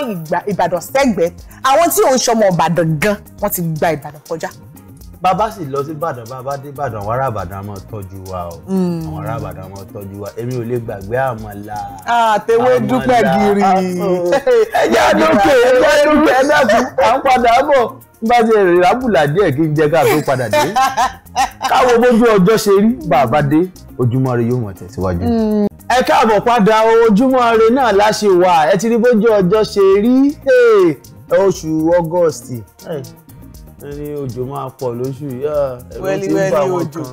[SPEAKER 1] ìbàdàn sẹ́gbẹ̀ẹ́ àwọn tí ò ń ṣọmọ ìbàdàn gan wọ́n ti gba ìbàdàn kọjá
[SPEAKER 2] bàbá sì lọ sí ìbàdàn bàbá dé ìbàdàn àwọn ará ìbàdàn máa tọ́jú wa o hmm. àwọn ará ìbàdàn máa tọ́jú wa èmi ò lè gbàgbé àmàlà. àtẹwé dúpẹ́ gírí ah, ẹja dúkẹ́ ẹja dúkẹ́ ẹ dákun à ń padà bọ̀ n bá ti rìn rábùlà díẹ̀ kí n jẹ́ ká tó padà dé káwo bójú ọjọ́ ṣe rí bàbá dé ojúmọ́ ire yóò mọ̀ tẹ̀síwájú. Hmm. ẹ káàbọ̀ padà ojúmọ́ ire náà láṣẹ wà ẹ ti rí bójú ọjọ́ ṣe rí oṣù August ní òjò máa pọ̀ lóṣù yá ah, ẹ̀rọ tí ń bá wọn kan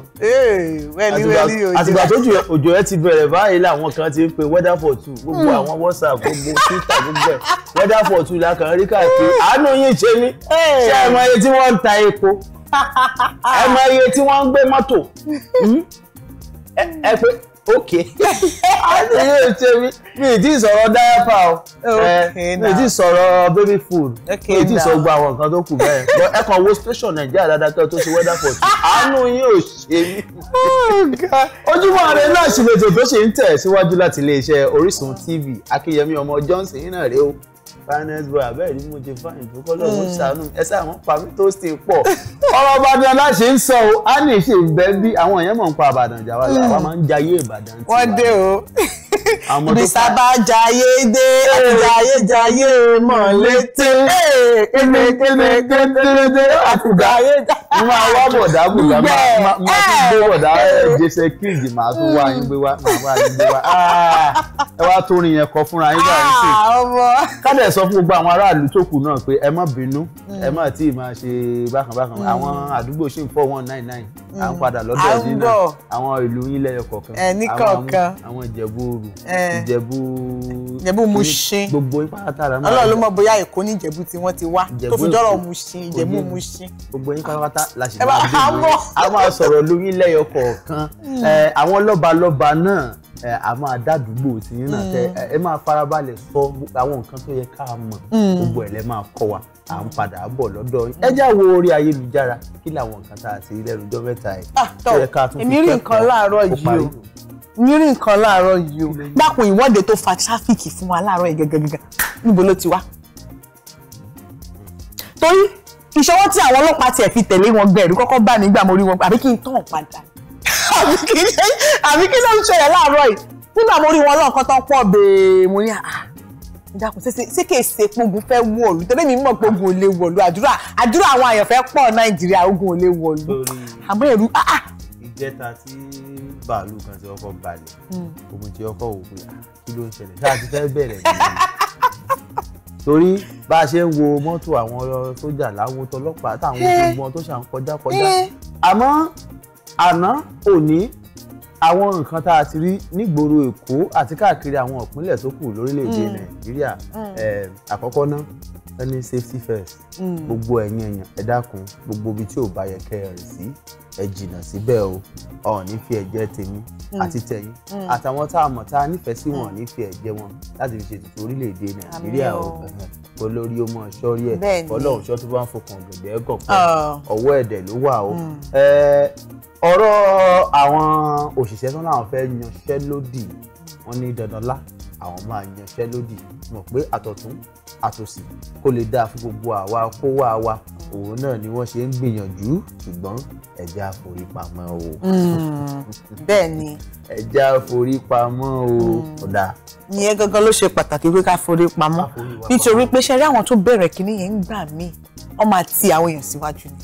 [SPEAKER 2] àtìgbà tó jù òjò yẹn ti bẹ̀rẹ̀ báyìí làwọn kan ti ń pe weather for two gbogbo hmm. àwọn whatsapp gbogbo twitter gbogbo ẹ̀ weather for two la kàn rí káàkiri hmm. àánú yín ṣe ni ṣé ẹ mọ iye tí wọ́n ń ta epo ẹ mọ iye tí wọ́n ń gbé mọ́tò hmm? ẹ pé ok àtẹ̀yẹ ètò mi mi ì tí ì sọ̀rọ̀ dáyàpá o mi ì tí ì sọ̀rọ̀ baby food mi ì tí ì sọ gbogbo àwọn nǹkan tó kù bẹ́ẹ̀ but ẹ kàn wo station nàìjíríà dáadáa kí ẹ tó ṣe weather for two àánú yín ò ṣe mí. Oh ojúmọ́ ire náà ṣì lè tètè tó ṣe ń tẹ̀ síwájú láti iléeṣẹ́ Orísun TV Akínyẹmí ọmọ Johnson náà rèé o finance boy abẹ́ẹ̀ ni mo ti fáyìn tó kọ́ lọ́wọ́ hmm. ṣàánú ẹ sáwọn pa mí tó sì pọ̀ ọ̀rọ̀ Ìbàdàn la ṣe ń sọ o á ní ṣe ìbẹ́ àwọn èèyàn mọ̀ ń pa Ìbàdàn jà wá làwọn máa ń jayé Ìbàdàn tí wọ́n dé o bisaba jayé dé àtijayé eh. jayé mọ̀ létí kéde kéde kéde àtijayé jayé máa wá bọ̀dá bùdá máa tún gbé eh. bọ̀dá eh. jẹsẹ̀ kíjì máa tún wá yín gbé wá
[SPEAKER 3] ah.
[SPEAKER 2] ẹ wá tó rin yẹn kọ fúnra yín báyìí
[SPEAKER 3] ah, sí kádẹ̀
[SPEAKER 2] sọ fún gbogbo àwọn aráàlú tó kù náà pé ẹ má bínú mm. ẹ má tí ì máa ṣe bákanbákan mm. àwọn àdúgbò ṣì ń four one nine nine à ń mm. padà lọ́dọ̀ yìí náà àwọn ìlú yín lẹ́yọ kọ̀ọ̀kan àwọn ìjẹ̀bú òru ìjẹ̀bú ìjẹ̀bú Mùṣín gbogbo yín pátára
[SPEAKER 3] máa ọlọ́run ló
[SPEAKER 1] mọ̀ bóyá èkó ní ìjẹ̀bú tí wọ́n ti wá tó fi dọ́rọ̀ Mùṣín ìjẹ̀bú Mùṣín. gbogbo yín pátápátá
[SPEAKER 2] la ṣe máa bí a máa sọ̀rọ̀ lóyún lẹ́yọ kọ̀ọ̀kan àwọn lọ́balọ́ba náà a máa dádúgbò tí yín náà tẹ mm. ẹ máa farabalẹ̀ sọ àwọn nǹkan tó yẹ ká mọ̀ mm. gbogbo ẹ̀ lẹ́ máa kọ́ wa à ń padà bọ̀ lọ́dọ̀ yín ẹ já wo orí ayélujára kí làwọn nǹkan tá a ti lẹ́nu ọjọ́ mẹ́ta yìí ah, tó yẹ ká tún fi kẹ́kọ̀ọ́ èmi rí nǹkan láàárọ̀ yìí o
[SPEAKER 1] mi rí nǹkan láàárọ̀ yìí o dákun ìwọ́de tó fa tráfíkì fún wa láàárọ̀ yìí gẹ́gẹ́gẹ́gẹ́ níbo ló ti wá. torí ìṣọwọ́ tí àwọn ọlọ́pàá tiẹ̀ fi tẹ̀lé wọn gbẹ̀rú kọ́kọ́ bá mi gbà mo rí wọn àbí kí n tàn padà àbí kí ló ń ṣẹlẹ̀ láàárọ̀ yìí nígbà mo rí wọn lọ́ọ̀kan tán pọ̀ bèè mo ní àá dákun ṣé kèé ṣe pogun fẹ́ wọ̀lú tẹ́lẹ̀ mi mọ̀ pogun ò lè wọ̀lú àdúrà àdúrà àwọn àyàn fẹ́ pọ̀ Nàìjíríà ogun ò lè wọ̀lú àmọ́ ẹ̀rù áá.
[SPEAKER 2] ìjẹta tí bàálù kan ti ọkọ balẹ̀ ogun ti ọkọ wò pé kí ló ń ṣẹlẹ̀ tá a ti fẹ́ bẹ̀rẹ̀ nìyẹn torí bá a ṣe ń wo mọ́tò àwọn sójà láwo tọlọ́pàá táwọn ojú gbọ́n tó ṣàn kọjá kọjá àmọ́ àná òní àwọn nǹkan tá a ti rí nígboro èkó àti káàkiri àwọn ìpínlẹ̀ tó kù lórílẹ̀‐èdè mm. nàìjíríà mm. Eh, àkọ́kọ́ náà ẹni safety first mm. gbogbo ẹ̀yin èèyàn ẹ dákun gbogbo ibi tí ò bá yẹ kẹ́ ẹ sí ẹ jìnnà síbẹ̀ o ọ̀ọ́ni fi ẹ̀jẹ̀ tèmi àti tẹ̀yìn àtàwọn tá a mọ̀ tá a nífẹ̀ẹ́ sí wọn ní fi ẹ̀jẹ̀ wọn láti fi ṣètùtù orílẹ̀-èdè nàìjíríà o olórí ọmọ ṣọ́rí ẹ̀ ọlọ́run ṣọ́ tó bá ń fọkàn gbẹ̀gbẹ́ gàn ah. pé ọwọ́ ẹ̀dẹ̀ ló wà o eh, ọ̀rọ̀ àwọn òṣìṣẹ́ tó náà fẹ́ yanṣẹ́ lódì wọ́n ní dandanlá àwọn máa yanṣẹ́ lódì mọ̀ pé àtọ̀tún àtòsí kó lè dáa fún gbogbo àwa kó wá wa òun náà ni wọ́n ṣe ń gbìyànjú ṣùgbọ́n ẹ̀já àforípamọ́ o. Hmm, bẹ́ẹ̀ ni. ẹ̀já àforípamọ́ o ọ̀dà. Hmm. ìyẹn gangan ló ṣe pàtàkì pé ká forípamọ́
[SPEAKER 1] nítorí pé ṣe rí àwọn tó bẹ̀rẹ̀ kínní yẹn ń gbà mí wọ́n máa ti àwọn èèyàn síwájú ni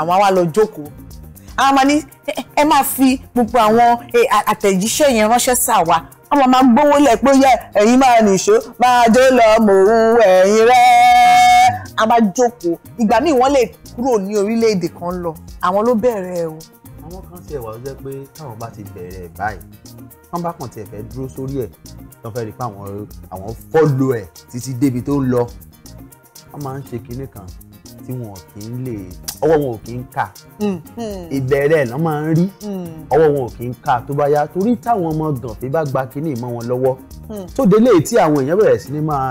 [SPEAKER 1] àwọn àwa lọ jókòó a máa ní ẹ máa fi gbogbo àwọn àtẹ̀jíṣẹ́ yẹn ránṣẹ́ sí àwa a máa máa gbówó lẹ̀ pé yẹ ẹ̀yin máa nìṣó máa jó lọ mò ń ẹ̀yin rẹ́ a máa jókòó ìgbà míì wọ́n lè kúrò ní orílẹ̀-èdè kan lọ
[SPEAKER 2] àwọn ló bẹ̀rẹ̀ o. àwọn kan tiẹ̀ wà ó jẹ́ pé táwọn bá ti bẹ̀rẹ̀ báyìí wọ́n bá kàn tiẹ̀ fẹ́ dúró sórí ẹ̀ tó fẹ́ rí i pé àwọn fọ́lọ́ ẹ̀ títí débi tó ń lọ wọ́n máa ń ṣe kinní kan tí wọn kì í lè ọwọ́ wọn ò kì í kà hmm. ìbẹ̀rẹ̀ náà máa ń rí hmm. ọwọ́ wọn ò kì í kà tó bá yá torí táwọn ọmọ gànfẹ́ bá gba kínní mọ́ wọn lọ́wọ́ hmm. tó délé tí àwọn èèyàn bẹ̀rẹ̀ sí ni máa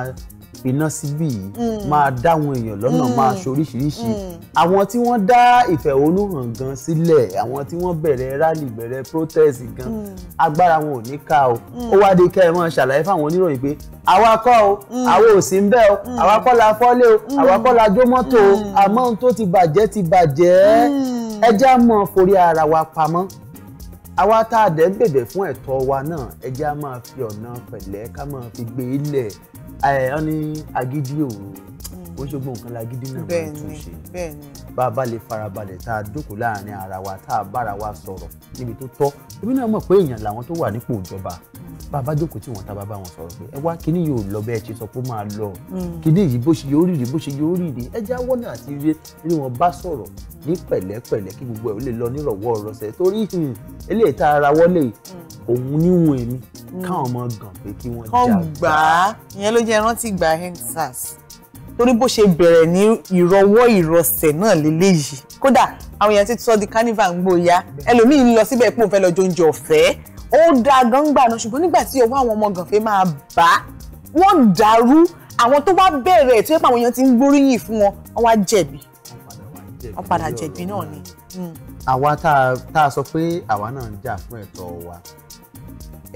[SPEAKER 2] ìfiná síbí yìí mm. máa dá àwọn èèyàn lọ́nà mm. máa ṣoríṣiríṣi mm. àwọn tí wọ́n dá ìfẹ̀hónúhàn gan sílẹ̀ àwọn tí wọ́n bẹ̀rẹ̀ rally bẹ̀rẹ̀ protest gan agbára wọn ò ní ká o ó wá di kẹ́ ẹ máa ṣàlàyé fáwọn oníròyìn pé àwa kọ́ o àwa ò sí ń bẹ̀ o àwa kọ́ la fọ́lé o àwa kọ́ la jó mọ́tò o àmọ́ ohun tó ti bàjẹ́ ti bàjẹ́ ẹ já mọ́ forí ara wa pamọ́ àwa tá a dẹ̀ ń bèbè fún ẹ̀tọ́ wa náà ẹ jẹ́ á máa fi ọ̀nà pẹ̀lẹ́ ká máa fi gbé ilẹ̀ e ọ ní agídí òru mm. ó ṣògbọ́n nǹkan lagídí náà máa tún ṣe bá a bá lè farabalẹ̀ tá a jókòó láàrin ara wa tá a bára wa sọ̀rọ̀ níbi tó tọ́ èmi náà mọ̀ pé èèyàn làwọn tó wà nípò ìjọba bàbá jókòó tí wọn ta bàbá wọn sọ̀rọ̀ pé ẹ wá kíní yóò lọ bẹ́ẹ̀ ti sọ pé ó máa lọ hmm. kíní yìí bó ṣe yóò rìrì bó ṣe yóò rìrì ẹ já wọ́nà àti rí rí wọn bá sọ̀rọ̀ ní pẹ̀lẹ́pẹ̀lẹ́ kí gbogbo ẹ̀ ó lè lọ nírọ̀wọ́ rọsẹ̀ torí hmm, eléyìí tá a ra wọlé hmm. òun níwọ̀n èmi káwọn ọmọ gàn pé kí wọ́n já gbà. kàn gbà á
[SPEAKER 1] ìyẹn ló jẹ́ rántí gbà endsars torí bó ṣe bẹ̀rẹ̀ ní ìrọwọ́ ìrọsẹ̀ náà lélẹ́yìí kódà àwọn èèyàn ti sọ di carnival ń gbóya ẹlòmíín lọ síbẹ̀ pé òun fẹ́ lọ jóúnjẹ ọ̀fẹ́ ó da gangba náà ṣùgbọ́n nígbà tí ọwọ́ àwọn ọmọ gànfẹ́ máa bá wọ́n dàrú àwọn tó wá bẹ̀rẹ̀ tó yẹ pé àwọn èèyàn ti ń gbóríyìn fún wọn wọ́n wá jẹ̀bi wọ́n padà jẹ̀bi náà ni.
[SPEAKER 2] Hmm. àwa tá a sọ pé àwa náà ń jà fún ẹ̀tọ́ wa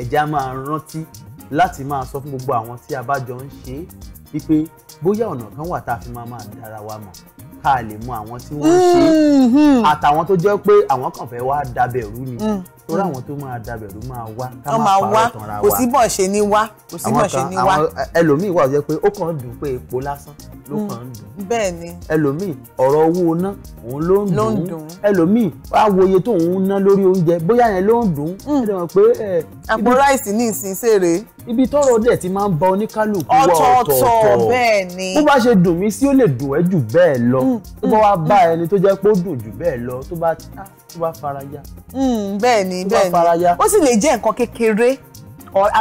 [SPEAKER 2] ẹ̀já máa rántí láti máa sọ fún gbogbo àwọn tí a bá jọ ń ṣe é wípé bóyá ọ̀nà kan wà tá a fi máa máa dára wa mọ̀ ká lè mọ àwọn tí wọ́n ṣe hmm, hmm. àtàwọn tó jẹ́ pé àwọn kàn fẹ́ wá dábẹ̀rú ni torí àwọn tó máa dabẹ̀ ló máa wá ká máa parọ́ kò sí bọ̀ ṣe ní wá kò sí bọ̀ ṣe ní wá. ẹlòmíì wà jẹ́ pé ó kàn ń dùn pé epo lásán ló mm. kàn ń
[SPEAKER 1] dùn. bẹ́ẹ̀
[SPEAKER 2] ẹlòmíì ọ̀rọ̀ owó ná òun ló ń dùn ẹlòmíì wá wo iye tó ń ná lórí oúnjẹ bóyá yẹn ló ń dùn mm. ẹ lè mọ̀ pé. àpò ráìsì ní ìsìn ṣèrè ibi tọ́rọ̀ dẹ̀ ti máa ń ba oníkálukú ọ̀tọ̀ọ̀tọ̀ bẹ́ẹ̀ bó bá ṣe dùn ni bẹ́ẹ̀ ni ó sì lè jẹ́ nǹkan kékeré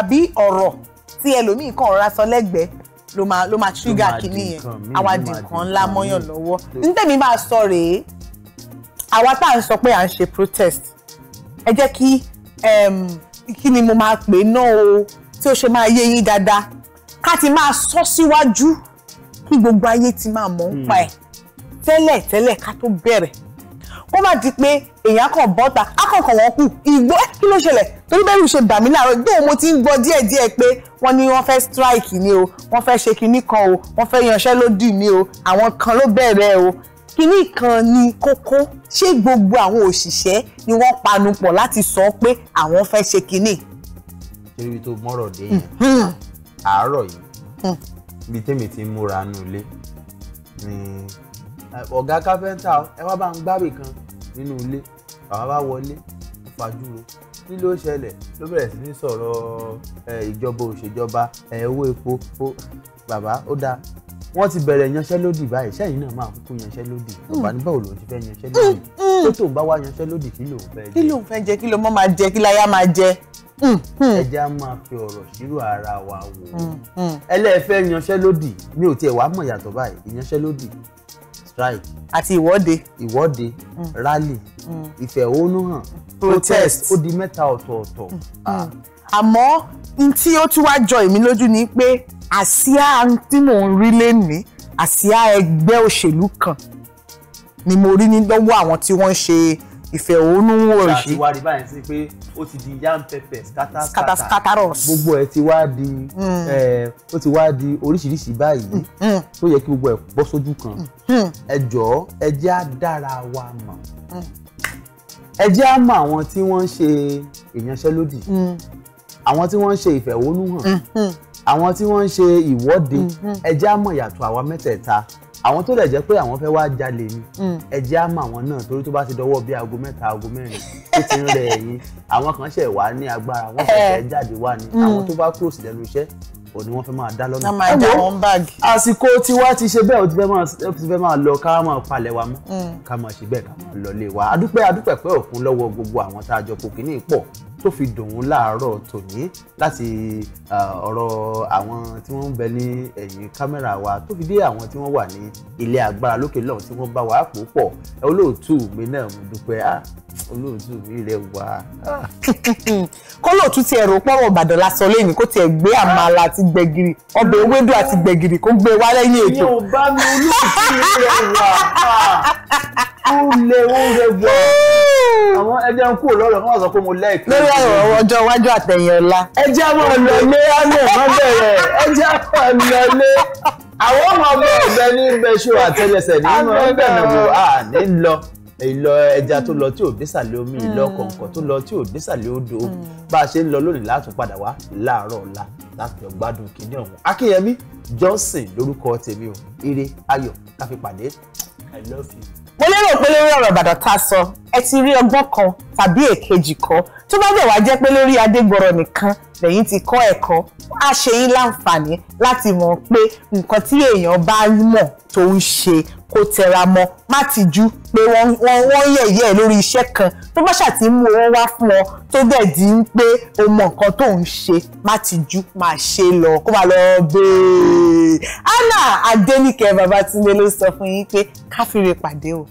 [SPEAKER 1] àbí ọ̀rọ̀ tí ẹlòmíì kan ọ̀rá sọ lẹ́gbẹ̀ẹ́ ló máa ló máa trigger kìíní yẹn
[SPEAKER 3] àwa di ńlá
[SPEAKER 1] mọ́yàn lọ́wọ́ nítẹ̀mí máa sọ rèé àwa tá à ń sọ pé à ń ṣe protest ẹ jẹ́ kí kí ni mo máa pè náà o tí ó ṣe máa yé yín dáadáa ká ti máa sọ síwájú kí gbogbo ayé ti máa mọ̀ ń pa ẹ̀ hmm. tẹ́lẹ̀ tẹ́lẹ̀ ká tó bẹ̀rẹ̀ kó má di pé èèyàn kan bọ́ta akọ̀kọ̀ wọn kù ìgbó kí ló ṣẹlẹ̀ torí bẹ́ẹ̀ ló ṣe dà mí láàárọ̀ ìgbó mo ti ń gbọ́ díẹ̀díẹ̀ pé wọ́n ní wọ́n fẹ́ strike ni o wọ́n fẹ́ ṣe kinní kan o wọ́n fẹ́ yanṣẹ́lódì ni o àwọn kan ló bẹ̀rẹ̀ o kinní kan ni kókó ṣé gbogbo àwọn òṣìṣẹ́ ni wọ́n panu pọ̀ láti sọ pé àwọn fẹ́ ṣe kinní.
[SPEAKER 2] ibi tó mọ́rọ̀ dé yẹn hmm. àárọ̀ yìí hmm. ibi tèmi ti múra nulẹ̀ ni ọ̀gá kápẹ́ńtà ẹ wá bá ń gbábì kan nínú ilé bàbá bá wọlé fàjúro kí ló ṣẹlẹ̀ ló bẹ̀rẹ̀ sí ní sọ̀rọ̀ ìjọba òṣèjọba owó epo bàbá ó dáa wọ́n ti bẹ̀rẹ̀ yanṣẹ́lódì báyìí sẹ́yìn náà máa kúkú yanṣẹ́lódì bàbá ní báwo ló ti fẹ́ yanṣẹ́lódì tó tó ń bá wá yanṣẹ́lódì kí ló ń fẹ́ jẹ kí ló ń fẹ́ jẹ kí ló mọ́ máa jẹ kí láyà máa jẹ. Hmm, hmm. ẹja máa fi ọ̀rọ̀ sírò ara wa wò ó hmm, yanṣẹ́lódì mi ò tiẹ̀ wá mọ̀ yàtọ̀ báyìí yanṣẹ́lódì right. àti ìwọ́de. ìwọ́de mm. rally mm. ìfẹ̀hónúhàn protest ó di mẹ́ta ọ̀tọ̀ọ̀tọ̀. Mm. Ah. Mm.
[SPEAKER 1] àmọ́ n tí ó tún wá jọ èmi lójú ni pé àsíá tí mò ń rí lénìí àsíá ẹgbẹ́ òṣèlú kan ni mo rí ní lọ́wọ́ àwọn tí
[SPEAKER 2] wọ́n ń ṣe ìfẹ̀hónúhàn ṣe. ṣáà ti wá rí báyìí sí pé ó ti di yam pepper scatter scatter gbogbo ẹ ti wá di hmm. ó ti wá di oríṣiríṣi báyìí hmm, hmm. tó yẹ kí gbogbo ẹ bọ́ sójú kan ẹ jọ̀ọ́ á dára wa mọ̀ ẹ á mọ àwọn tí wọ́n ń ṣe ìyanṣẹ́lódì àwọn tí wọ́n ń ṣe ìfẹ̀hónúhàn àwọn tí wọ́n ń ṣe ìwọ́de ẹ á mọ ìyàtọ̀ àwa mẹ́tẹ̀ẹ̀ta àwọn tó lẹ̀ jẹ́ pé àwọn fẹ́ wá jalè ni mm. ẹ jẹ́ á mọ àwọn náà torí tó bá ti dọwọ́ bí aago mẹ́ta aago mẹ́rin tó ti ń rẹ ẹ̀yìn àwọn kan ṣẹ̀ wá ní agbára wọ́n fẹ́ eh. jáde wá ni mm. àwọn tó bá kúrò sí lẹ́nu iṣẹ́ ò ní wọ́n fẹ́ máa dá lọ́nà. wọ́n máa dá wọn báàgì. àsìkò tiwa ti ṣe bẹ́ẹ̀ ó ti fẹ́ máa lọ ká máa palẹ̀ wa mọ́ mm. ká máa ṣe bẹ́ẹ̀ ká máa lọ lé wa adúpẹ́ adúpẹ́ pé òkun lọ́wọ́ gbogbo àwọn tá a jọ pò kíní pọ̀ tó fi dòun láàárọ̀ tòní láti ọ̀rọ̀ àwọn tí wọ́n ń bẹ ní ẹ̀yìn kámẹ́rà wa tó fi dé àwọn tí wọ́n wà ní ilé agbára lókè lọ́hùn tí wọ́n bá wa pò pọ̀ olóòtú mi náà mo dúpẹ́ ah, olóòtú mi rẹ̀ wá. Ah.
[SPEAKER 1] kólóòtú tiẹ̀ rò pọ́rọ̀ ìbàdàn lásán lẹ́yìn kó tiẹ̀ gbé àmàlà àti gbẹ̀gìrì ọbẹ̀ ewédú àti gbẹ̀gìrì kó gbé wá
[SPEAKER 2] lẹ́yìn ètò. mi ò bá mi olóòtú rẹ̀ wá. Ah. ó lè ó rẹ̀ wá àwọn ẹjẹ ń kúrò lọ́rọ̀ wọ́n sọ pé mo lẹ́ẹ̀kì. lórí ọ̀rọ̀ ọjọ́ iwájú àtẹ̀yìn ọ̀la. ẹjẹ́ àwọn ọ̀nàlé àmì ẹ̀mọ́ bẹ̀rẹ̀ ẹjẹ́ àwọn ọ̀nàlé àwọn ọmọ ọmọ ọ̀gbẹ́ ní bẹ́ṣọ àtẹlẹsẹ̀ nínú ọ̀gbẹ́ náà wò á ní lọ ìlọ ẹja tó lọ tí ò désàlẹ̀ omi ìlọ hmm. kọ̀ǹkọ̀ tó lọ tí ò désàlẹ̀ odò hmm. bá a ṣe ń lọ lónìí látún padà wá láàárọ̀ ọ̀la láti ọgbádùn kìíní ọ̀hún akínyẹmí johnson lórúkọ tèmi ò ire ayọ̀ káfíńpàdé i love you mo lérò pé lórí ọ̀rọ̀ ìbàdàn tá
[SPEAKER 1] a sọ ẹ ti rí ọgbọ́n kan tàbí èkejì kan tó bá bẹ̀ wá jẹ́ pé lórí adégbọ̀rọ̀ nìkan lẹ́yìn ti kọ́ ẹ̀kọ́ á ṣe yín láǹfààní láti mọ̀ pé nǹkan tí èèyàn bá mọ̀ tó ń ṣe kó tẹra mọ́ má ti jú pé wọ́n yẹ̀yẹ́ lórí iṣẹ́ kan tó bá ṣàti mú owó wá fún ọ tó dẹ̀ di ń pé o mọ̀ nǹkan tó ń ṣe má ti jú má ṣe lọ kó má lọ bèè e. Anna Adéníkẹ́ Babátúndé ló sọ fún yín pé káfíńre pàdé o.